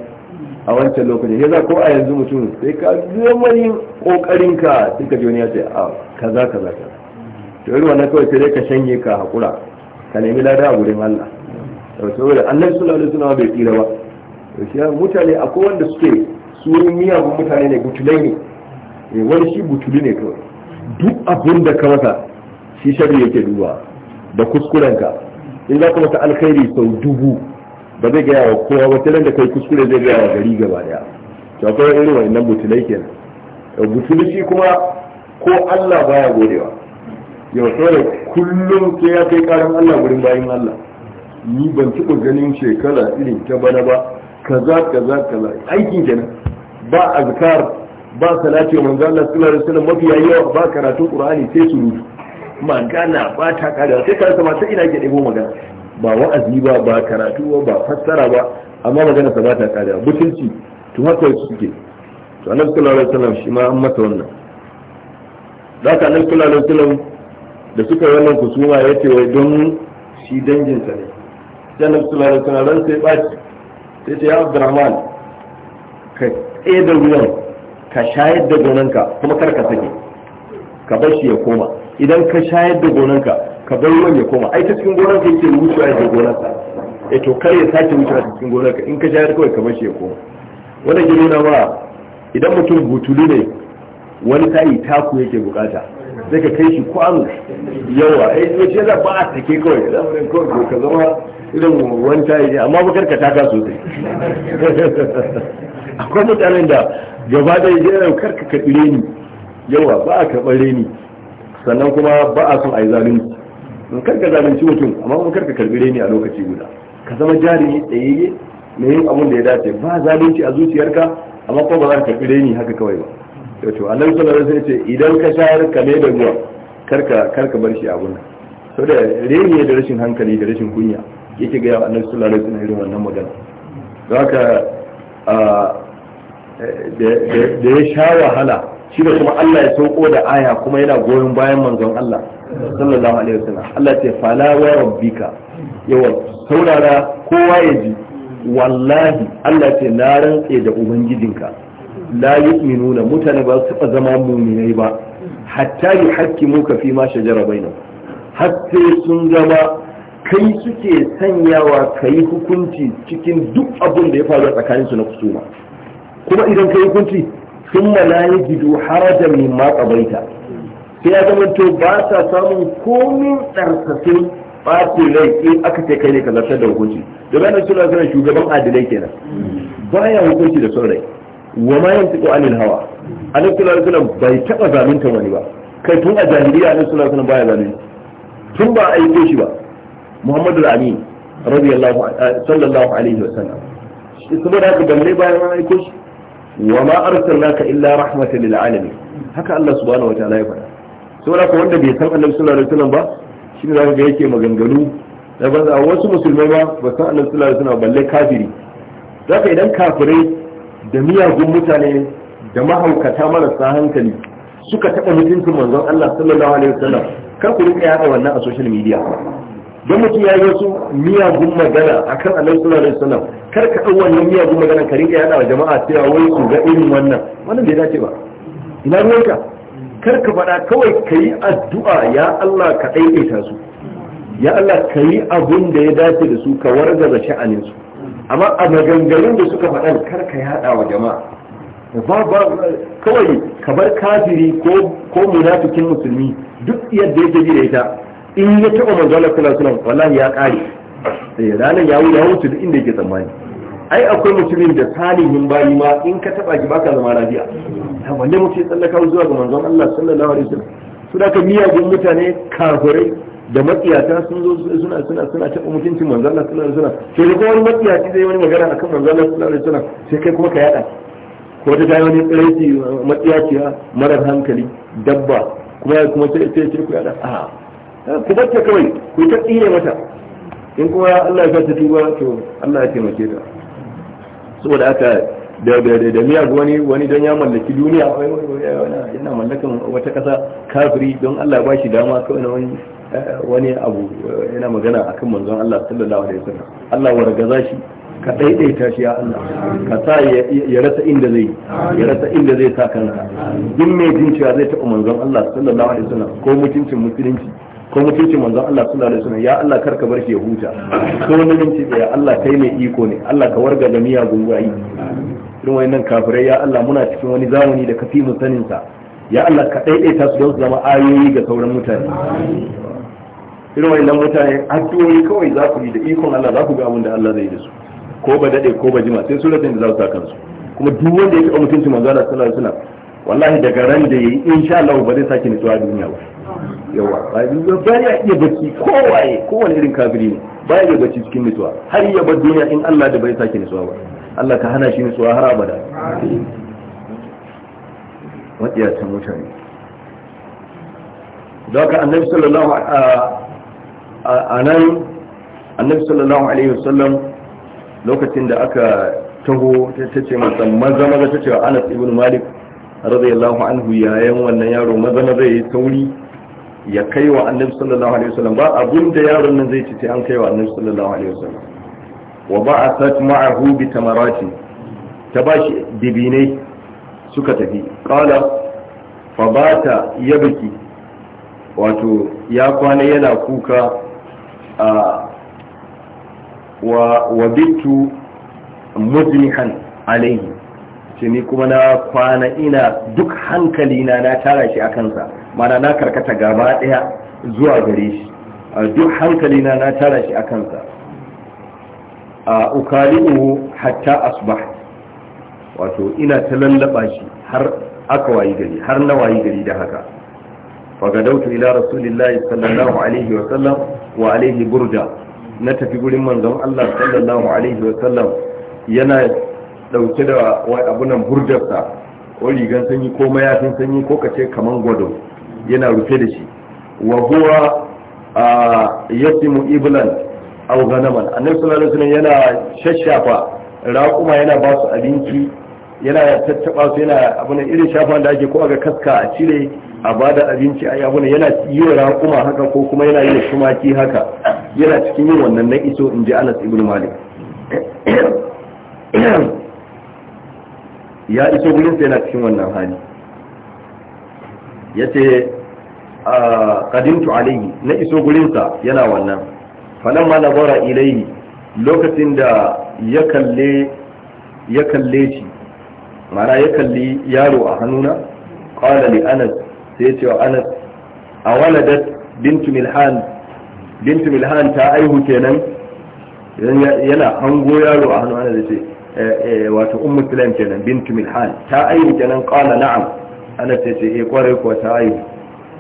a wancan lokacin ya za ko a yanzu mutum sai ka zama yin kokarin ka suka ji wani ya ce a kaza kaza ka to irin wannan kawai sai dai ka shanye ka hakura ka nemi lada a gurin Allah to saboda annabi sallallahu alaihi wasallam bai tsira ba to shi mutane akwai wanda suke ne miyagun mutane ne butulai ne eh, wani shi butuli ne kawai duk abin da ka masa shi shari yake duba da kuskurenka in za ka masa alkhairi sau dubu ba zai gaya wa kowa ba tilan da kai kuskure zai gaya wa gari gaba daya to akwai irin wannan butulai kenan butulci kuma ko Allah baya godewa yau sai kullum sai ya kai karan Allah gurin bayin Allah ni ban ci ganin shekara irin ta bana ba kaza kaza kaza aikin kenan ba azkar ba salati wa manzo Allah sallallahu alaihi wasallam mafi yawa ba karatun qur'ani sai surutu magana ba ta kada sai ka sama sai ina ke debo magana ba wa'azi ba ba karatu ba ba fassara ba amma magana sa ba ta kare mutunci to haka suke to annabi sallallahu alaihi wasallam shi ma an masa wannan da ka annabi sallallahu alaihi wasallam da suka yi wannan kusuma yace wai don shi dangin sa ne sai annabi sallallahu alaihi wasallam sai sai shi sai ce ya Abdurrahman ka tsaye da ruwan ka shayar da gonanka kuma kar ka sake ka bar shi ya koma idan ka shayar da gonanka ka bar ruwan ya koma ai ta cikin gonar ka yake wucewa ya gonar ka eh to kar ya sake wucewa ta cikin gonar ka in ka shayar kawai ka bar shi ya koma wannan ke na ma idan mutum butulu ne wani sa'i taku yake bukata sai ka kai shi kwan yawa eh to ce za ba a take kawai da mun kawai ka zama idan wani tayi ne amma ba karka taka sosai akwai mutanen da gaba da ya eh, karka ka tsire ni yawa ba a karɓar reni sannan kuma ba a son a yi zalunci in karka zalunci mutum amma kuma karka karbi reni a lokaci guda ka zama jarumi tsayayye na yin abun da ya dace ba zalunci a zuciyarka amma kuma ba za ka karbi reni haka kawai ba to to Allah sallallahu alaihi wasallam ce idan ka shayar ka ne da ruwa karka karka bar shi a gurin saboda reni da rashin hankali da rashin kunya yake ga Allah sallallahu alaihi wasallam irin wannan magana don haka ah, eh, da ya sha wahala shi da kuma Allah ya sauko da aya kuma yana goyon bayan manzon Allah sallallahu alaihi wasallam Allah ce fala wa rabbika yawa saurara kowa ya ji wallahi Allah ce na rantse da ubangijinka la yu'minuna mutane ba su zama mu'minai ba hatta yuhaqqimuka fi ma shajara bainahum har sun zama kai suke sanyawa kai hukunci cikin duk abin da ya faru tsakaninsu na kusuma kuma idan kai hukunci sun la yajidu harajan mimma qabaita sai ya zama to ba sa samun komin tsarkakin ɓaci rai in aka ce kai ne ka zartar da hukunci domin nan suna suna shugaban adilai kenan baya hukunci da son rai wa ma yantiqu anil hawa annabi sallallahu alaihi wasallam bai taba zalunta wani ba kai tun a jahiliya annabi suna alaihi baya zalunta tun ba a yi shi ba muhammadu al-amin radiyallahu sallallahu alaihi wa wasallam saboda haka balle bayan an aiko shi wa ma arsalnaka illa rahmatan lil alamin haka Allah subhanahu wataala ya faɗa saboda ko wanda bai san Annabi sallallahu alaihi wasallam ba shine zaka ga yake maganganu da banza wasu musulmai ba ba san Annabi sallallahu alaihi wasallam balle kafiri zaka idan kafirai da miyagun mutane da mahaukata marasa hankali suka taɓa mutuncin manzon Allah sallallahu alaihi wasallam kar ku rika yaɗa wannan a social don mutum ya yi wasu miyagun magana a kan alaikular sallallahu kar ka ɗau wannan miyagun magana ka rinka yaɗa wa jama'a cewa wai su ga irin wannan wannan bai dace ba ina ruwanka kar ka faɗa kawai ka yi addu'a ya Allah ka ɗaiɗaita su ya Allah ka yi abin da ya dace da su ka wargaza sha'anin su amma a maganganun da suka faɗa kar ka yaɗa wa jama'a kawai ka bar kafiri ko munafikin musulmi duk yadda yake ji da ita in ya taɓa manzo Allah sallallahu alaihi wasallam wallahi ya ƙare sai eh, ranar ya wuce ya wuce duk inda yake tsammani ai akwai mutumin da salihin bayi ma in ka taɓa ki baka zama rafiya ta wanne mutum ya tsallaka zuwa ga manzon Allah sallallahu alaihi wasallam su da ka miyagun mutane kafirai da matsiyata sun zo suna suna suna taɓa mutuncin manzon Allah sallallahu alaihi wasallam sai kuma wani matsiyaci zai wani magana akan manzon Allah sallallahu alaihi wasallam sai kai kuma ka yada ko ta dai wani tsareci matsiyaciya marar hankali dabba kuma ya kuma sai sai ku yada a'a ku bacce kawai ku ta tsire mata in kuma Allah ya ta tuba to Allah ya taimake ta saboda aka da da da da miyagu wani wani don ya mallaki duniya yana mallakan wata kasa kafiri don Allah ba shi dama kawai na wani wani abu yana magana akan manzon Allah sallallahu alaihi wasallam Allah wargaza shi ka daidaita shi ya Allah ka sa ya rasa inda zai ya rasa inda zai sa kanka duk mai jin cewa zai taɓa manzon Allah sallallahu alaihi wasallam ko mutuncin musulunci ko mutunci manzon Allah sallallahu alaihi wasallam ya Allah karka bar shi ya huta ko nan ce ya Allah kai mai iko ne Allah ka warga da miya gungayi irin wayannan kafirai ya Allah muna cikin wani zamani da kafi mu sanin sa ya Allah ka daidaita su don su zama ayoyi ga sauran mutane irin wayannan mutane addu'o'i kawai za ku yi da ikon Allah za ku ga abin da Allah zai yi da su ko ba dade ko ba jima sai suratin da za su sa kansu kuma duk wanda ya taɓa mutuncin manzon Allah sallallahu alaihi wasallam wallahi daga ran da yayi insha Allah ba zai sake nutsuwa duniya ba yawa ba ya iya bacci kowaye kowane irin kafiri ne ba ya iya bacci cikin nutsuwa har ya bar duniya in Allah da bai sake nutsuwa ba Allah ka hana shi nutsuwa har abada ya matsiyacin mutane da haka annabi sallallahu a nan annabi sallallahu alaihi wasallam lokacin da aka taho ta ce masa maza maza ta ce wa anas ibn malik radiyallahu anhu yayan wannan yaro maza maza ya yi tauri ya kai wa annabi sallallahu alaihi wasallam ba abun da yaron nan zai ci sai an kai wa annabi sallallahu alaihi wasallam wa ba'athat ma'ahu bi tamarati ta bashi dibinai suka tafi qala fa bata yabki wato ya kwana yana kuka a wa wa bitu muzmihan alaihi ce ni kuma na kwana ina duk hankalina na tara shi a kansa mana na karkata gaba daya zuwa gare shi duk hankalina na tara shi a kansa a ukali'u hatta asbah wato ina ta lallaba shi har aka wayi gari har na wayi gari da haka fagadautu ila rasulillahi sallallahu alaihi wa sallam wa alaihi burda na tafi gurin manzon Allah sallallahu alaihi wa sallam yana dauke da abunan burjarsa ko rigan sanyi ko mayafin sanyi ko kace kamar gwado yana rufe da shi wa huwa yasimu iblan aw ghanaman annabi sallallahu alaihi wasallam yana shashafa raƙuma yana ba su abinci yana tattaba su yana abuna irin shafa da ake ko aga kaska a cire a bada abinci a yabuna yana yi wa raƙuma haka ko kuma yana yi shumaki haka yana cikin yin wannan na iso in ji anas ibn malik ya iso gurin sai na cikin wannan hali yace kadintu alayhi na iso gurin sa yana wannan falan ma nazara ilayhi lokacin da ya kalle ya kalle shi mana ya kalli yaro a hannuna qala li anas sai ce wa anas a waladat bintu milhan bintu milhan ta aihu kenan yana hango yaro a hannu ana da ce Eh, eh, wato ummu sulaim kenan bintu milhan ta aihu kenan qala na'am ana ta ce eh kwarai ko ta aihu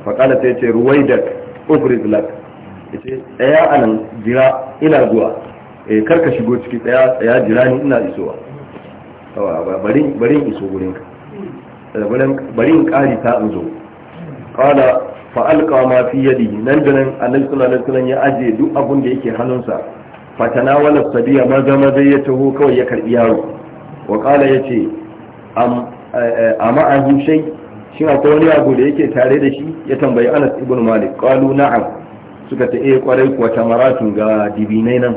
fa qala ta ce ruwaidak ufrid lak ita daya anan jira ina zuwa eh karka shigo ciki daya, daya jira ni ina isowa bari bari iso gurin ka eh, bari in kari ta in zo qala fa alqa ma fi yadihi nan da nan annabi sallallahu alaihi wasallam ya aje duk abun da yake hannunsa fatanawala sadiya maza maza ya taho kawai ya karbi yaro wa qala yace am eh, eh, ama ahu shay shin akwai wani abu da yake tare da shi ya tambayi Anas ibn Malik qalu na'am suka ce eh kwarai kuwa tamaratun ga dibinai nan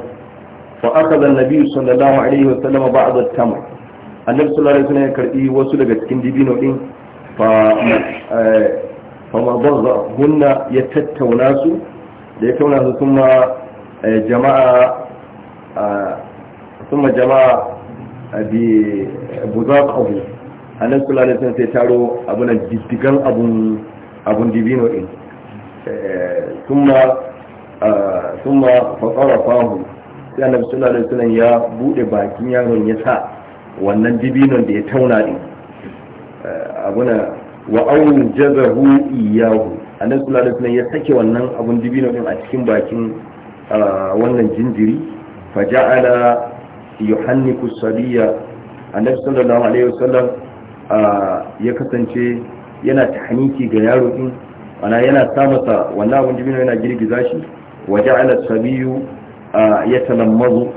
fa akhadha an-nabi sallallahu alaihi wa ba a zata tamr annabi sallallahu alaihi wasallam ya karbi wasu daga cikin dibino din fa eh, fa madalla hunna ya tattauna su da ya tauna su kuma jama'a ثم جمع ببزاقه annan kula da sun sai taro abunan diddigan abun dibino din sun ma fasara sai annabi sallallahu alaihi wasallam ya bude bakin yaron ya sa wannan dibinon da ya tauna din abuna wa aun jazahu iyahu annabi ya sake wannan abun dibino din a cikin bakin wannan jinjiri faja'ala yuhanniku sabiya annabi sallallahu alaihi wasallam ya kasance yana tahniki ga yaro din ana yana sa masa wannan abin jibino yana girgiza shi waja'ala sabiyu yatalammazu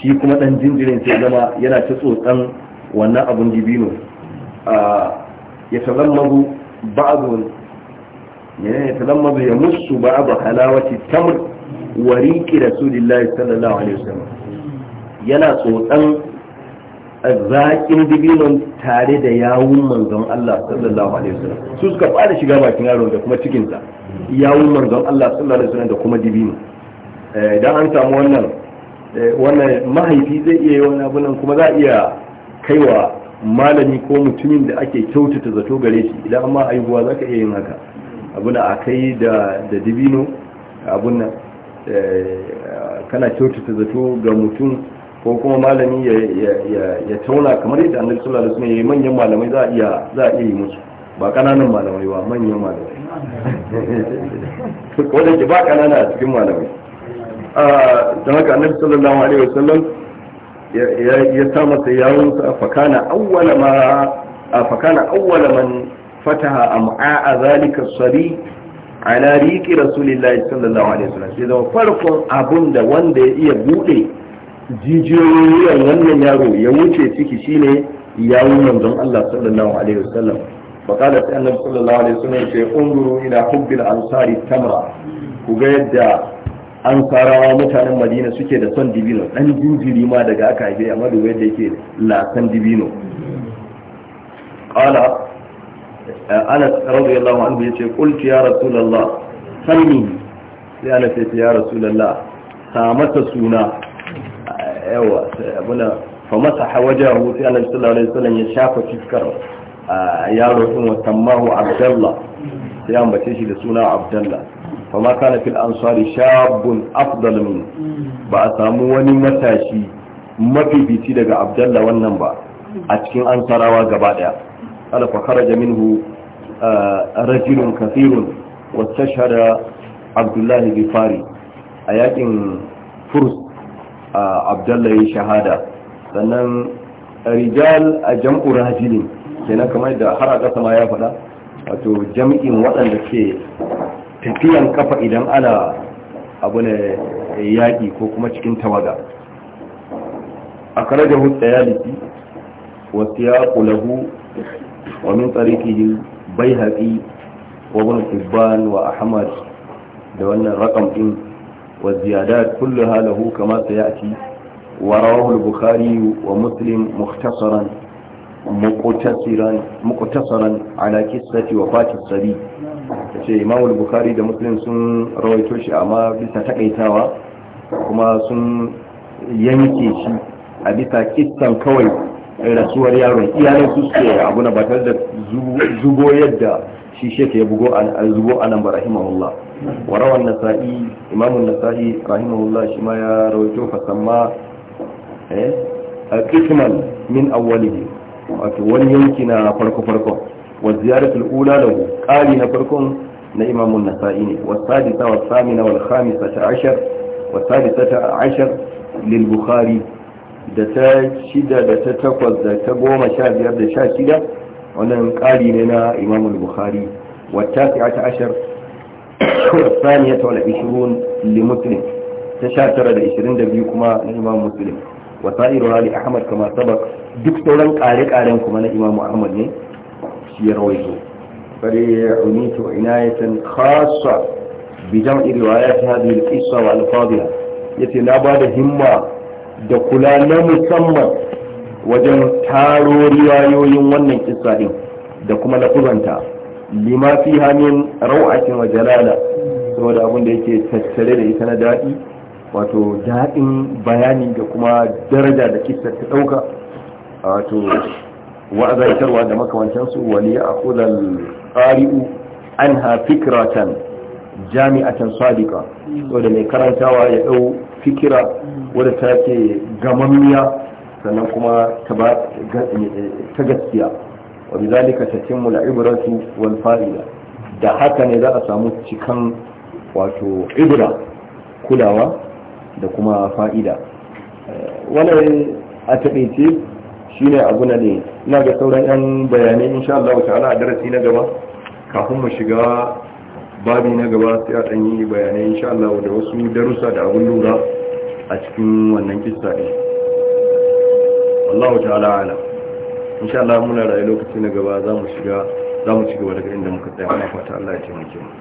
shi kuma ɗan jinjirin sai zama yana ta tsotsan wannan abin ya yatalammazu ba'dun halawati tamr wariki rasulillahi sallallahu alaihi wasallam yana tsotsan zaƙin dibinon tare da yawun manzon Allah sallallahu alaihi wasallam su suka fara shiga bakin yaron da kuma sa yawun manzon Allah sallallahu alaihi wasallam da kuma dibino eh, idan an samu wannan eh, wannan mahaifi zai iya yi wani abu nan kuma za a iya kaiwa malami ko mutumin da ake kyautata zato gare shi idan amma aihuwa za ka iya yin haka abuna a kai da dibino abun nan Eh, kana kyautata zato ga mutum ko kuma malami ya tauna kamar yadda annabi sallallahu alaihi wasallam manyan malamai za a iya za a iya yi musu ba kananan malamai ba manyan malamai ko da ke ba kanana a cikin malamai ah, dan haka annabi sallallahu alaihi wasallam ya sa masa yawon sa fakana awwala ma ah, fakana awwala man fataha am'a zalika sari ala riki rasulillahi sallallahu alaihi wasallam sai da farkon abun da wanda ya iya bude jijiyoyin wannan yaro ya wuce ciki shine yawun manzon Allah sallallahu alaihi wasallam فقال النبي صلى الله ce, unguru ila hubbil ansari tamra ku ga yadda ansarawa mutanen madina suke da son dibino dan jinjiri ma daga aka haife amma da yadda yake lasan dibino qala anas radiyallahu anhu yace qultu ya rasulullah sanni sai anas yace ya rasulullah sa mata suna yawa abuna fa masaha wajahu sai anas sallallahu alaihi wasallam ya shafa fiskar yaro din wa tammahu abdullah sai shi da suna abdullah fa ma kana fil ansari shabun afdal min ba a samu wani matashi mafifici daga abdullah wannan ba a cikin ansarawa gaba daya ala Rajilun kafirun wacce shahada abdullahi bifari a yakin furs abdullahi shahada sannan rijal a jam'u rajulin kenan kamar da har a ƙasa ma ya faɗa wato jam'in waɗanda ke tafiyan kafa idan ana abu ne yaƙi ko kuma cikin tawaga a kare da hutsa ya liki wasu ya ƙulahu wa min tsarikihin bai haƙi wabin ibban wa ahmad da wannan rakam ɗin wa ziyada kullu halahu kama ta yaci wa rawahu al-bukhari wa muslim mukhtasaran ala qissati wafati sabi sai imam al-bukhari da muslim sun rawaito shi amma bisa takaitawa kuma sun yanke shi a bisa kissan kawai rasuwar yaron iyayen su suke abu na batar da zubo yadda shi shek ya bugo zubo anan ba rahimahullah wa rawan nasa'i imamun nasa'i rahimahullah shi ma ya rawaito fasamma eh kisman min awwalihi wato wani yanki na farko farko wa ziyaratul ula lahu qali na farkon na imamun nasa'i ne wa sadisa wa samina wal khamisata ashar wa sadisata ashar lil bukhari da ta shida da ta takwas da ta goma sha biyar da sha shida wannan ƙari ne na imam al-bukhari wata ta ashar والثانية والعشرون لمسلم تشاتر العشرين دبي كما الإمام مسلم وسائرها لأحمد كما سبق دكتورا قارئ قارئ كما الإمام أحمد ني شي رويته فعنيت عناية خاصة بجمع روايات هذه القصة وألفاظها يتي لا بعد همة da kula na musamman wajen taro riwayoyin wannan kissa din da kuma lafuzanta lima fi hamin rau'akin wa jalala saboda abin da yake tattare da ita na daɗi wato daɗin bayani da kuma daraja da kissa ta ɗauka wato wa'azaitarwa da makamantansu wali a kudal ƙari'u an ha fikratan jami'atan sadika wanda mai karantawa ya dau fikira wadda ta ce gamammiya sannan kuma ta gaskiya wa ta tatimmu al-ibratu wal fa'ida da haka ne za a samu cikan wato ibra kulawa da kuma fa'ida wannan a shine abu na ne ina ga sauran yan bayanai insha Allah ta'ala a darasi na gaba kafin mu shiga babi na gaba sai a ɗanyi yi bayanai insha Allah da wasu darussa da abin lura a cikin wannan kisa ne Allah ta'ala ala insha Allah muna rayu lokaci na gaba za mu shiga za mu ci gaba daga inda muka tsaya ana fata Allah ya taimake mu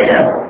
Yeah.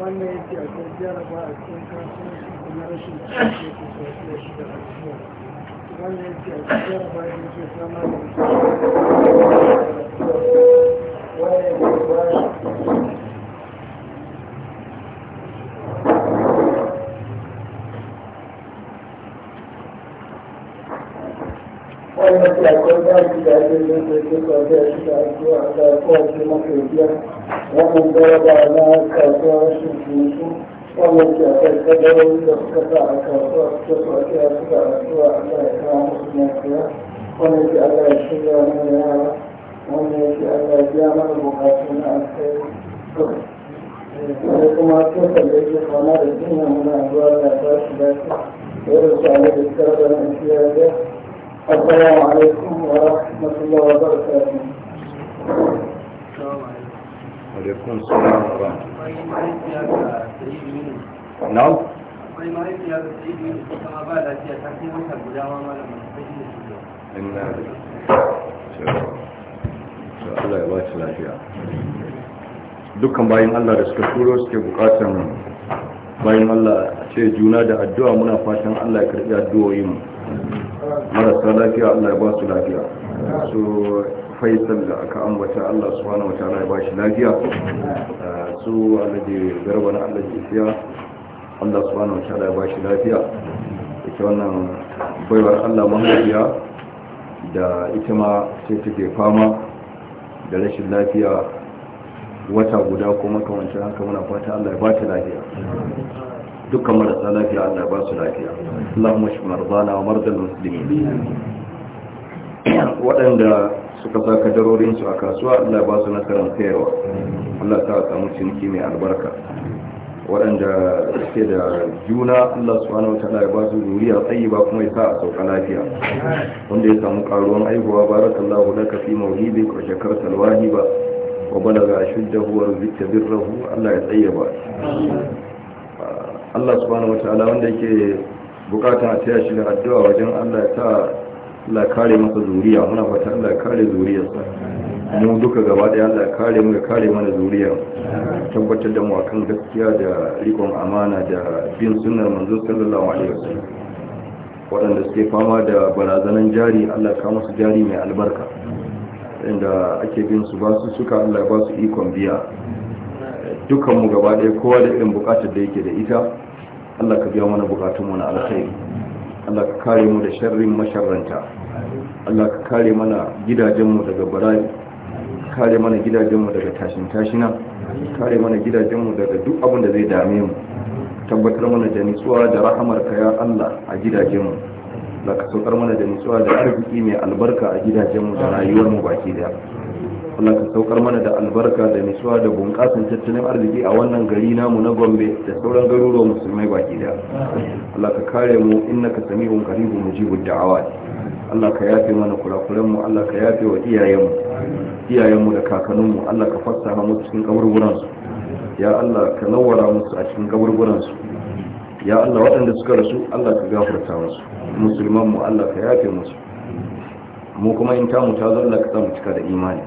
wanda ya ce akwai jaraba a cikin kasuwanci kuma rashin cikin ke sosai shiga a cikin wanda ya ce akwai jaraba ya ce fama da wanda ya ce ba shi wannan sakon ɗaki da ake yin da ke kwanci a shi a zuwa da da suka sa a kasuwa suka kwanci a suka a zuwa a sa ya kawo musu mafiya wannan shi Allah ya shirya mana yara wannan shi Allah ya biya mana bukatu na alkai da kuma sun kalle shi kwana da jinya muna zuwa da ba shi lafiya da ya السلام عليكم ورحمة الله وبركاته وعليكم السلام ورحمة الله نعم dukkan bayan Allah da suka turo suke bukatan bayan Allah ce juna da addu'a muna fatan Allah ya karbi addu'o'in mu marasa lafiya Allah ya ba su lafiya su faisal da aka ambata Allah wani wata ya ba shi lafiya uh, su alaji garba na alaji siya Allah wani wata ya ba shi lafiya ita wannan baiwar Allah mahaifiya da ita ma sai take fama da rashin lafiya wata guda kuma makamancin haka muna fata Allah ya ba ta lafiya dukkan marasa lafiya Allah ba su lafiya Allahumma shfi marzana wa marzan muslimin waɗanda suka sa kadarorin su a kasuwa Allah ba su nasarar sayarwa Allah ta samu ciniki mai albarka waɗanda suke da juna Allah subhanahu wa ta'ala ya ba su zuriya tsayi ba kuma ya sa a sauka lafiya wanda ya samu karuwan aihuwa barakallahu laka fi mawlidin wa shakarta ba, wa balaga ashuddahu wa rizqta birrahu Allah ya tsayyaba Allah subhanahu wataala wanda yake bukata a taya shi da addu'a wajen Allah ya sa Allah kare masa zuriya muna fata Allah ya kare zuriyarsa mu duka gaba da Allah ya kare mu ya kare mana zuriya tabbatar da mu akan gaskiya da rikon amana da bin sunnar manzo sallallahu alaihi wasallam waɗanda suke fama da barazanan jari Allah ya kawo su jari mai albarka inda ake bin su ba su suka Allah ba su ikon biya mu gaba ɗaya kowa da irin bukatar da yake da ita Allah ka biya mana bukatunmu na alkhairi Allah ka kare mu da sharrin masharranta Allah ka kare mana gidajenmu daga barayi kare mana gidajenmu daga tashin tashina kare mana gidajenmu daga duk abin da zai dame mu tabbatar mana da nutsuwa da rahamar ka ya Allah a gidajenmu Allah ka saukar mana da nutsuwa da arziki mai albarka a gidajenmu da rayuwarmu baki daya Allah ka saukar mana da albarka da nisuwa da bunƙasar tattalin arziki a wannan gari namu na Gombe da sauran garuruwan musulmai baki da. Allah ka kare mu innaka sami'un qaribun mujibud da'awat Allah ka yafe mana kurakuran mu Allah ka yafe wa iyayenmu iyayenmu da kakanninmu Allah ka fassaha mu cikin kaburburan su ya Allah ka nawwara musu a cikin kaburburan su ya Allah waɗanda suka rasu Allah ka gafarta musu musulman mu Allah ka yafe musu mu kuma in tamu ta zo Allah ka samu cika da imani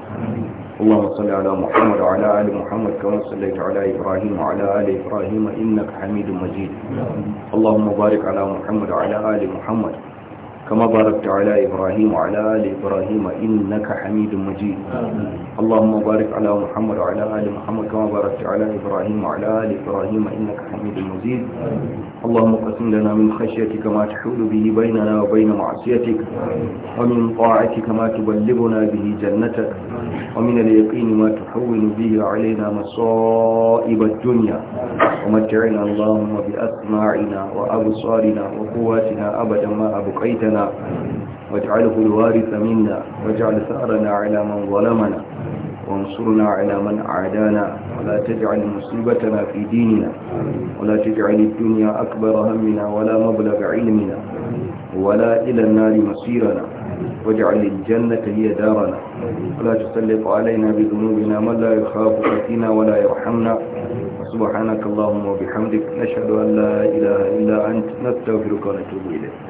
Allahumma salli ala Muhammad wa ala ali Muhammad kama sallaita ala Ibrahim wa ala ali Ibrahim innaka Hamidum Majid Allahumma barik ala Muhammad wa ala ali Muhammad كما باركت على إبراهيم وعلى آل إبراهيم إنك حميد مجيد اللهم بارك على محمد وعلى آل محمد كما باركت على إبراهيم وعلى آل إبراهيم إنك حميد مجيد اللهم قسم لنا من خشيتك ما تحول به بيننا وبين معصيتك ومن طاعتك ما تبلغنا به جنتك ومن اليقين ما تحول به علينا مصائب الدنيا ومتعنا اللهم بأسماعنا وأبصارنا وقواتنا أبدا ما أبقيتنا واجعله الوارث منا واجعل ثأرنا على من ظلمنا وانصرنا على من أعدانا ولا تجعل مصيبتنا في ديننا ولا تجعل الدنيا أكبر همنا ولا مبلغ علمنا ولا إلى النار مصيرنا واجعل الجنة هي دارنا ولا تسلط علينا بذنوبنا من لا يخاف فينا ولا يرحمنا سبحانك اللهم وبحمدك نشهد أن لا إله إلا أنت نستغفرك ونتوب إليك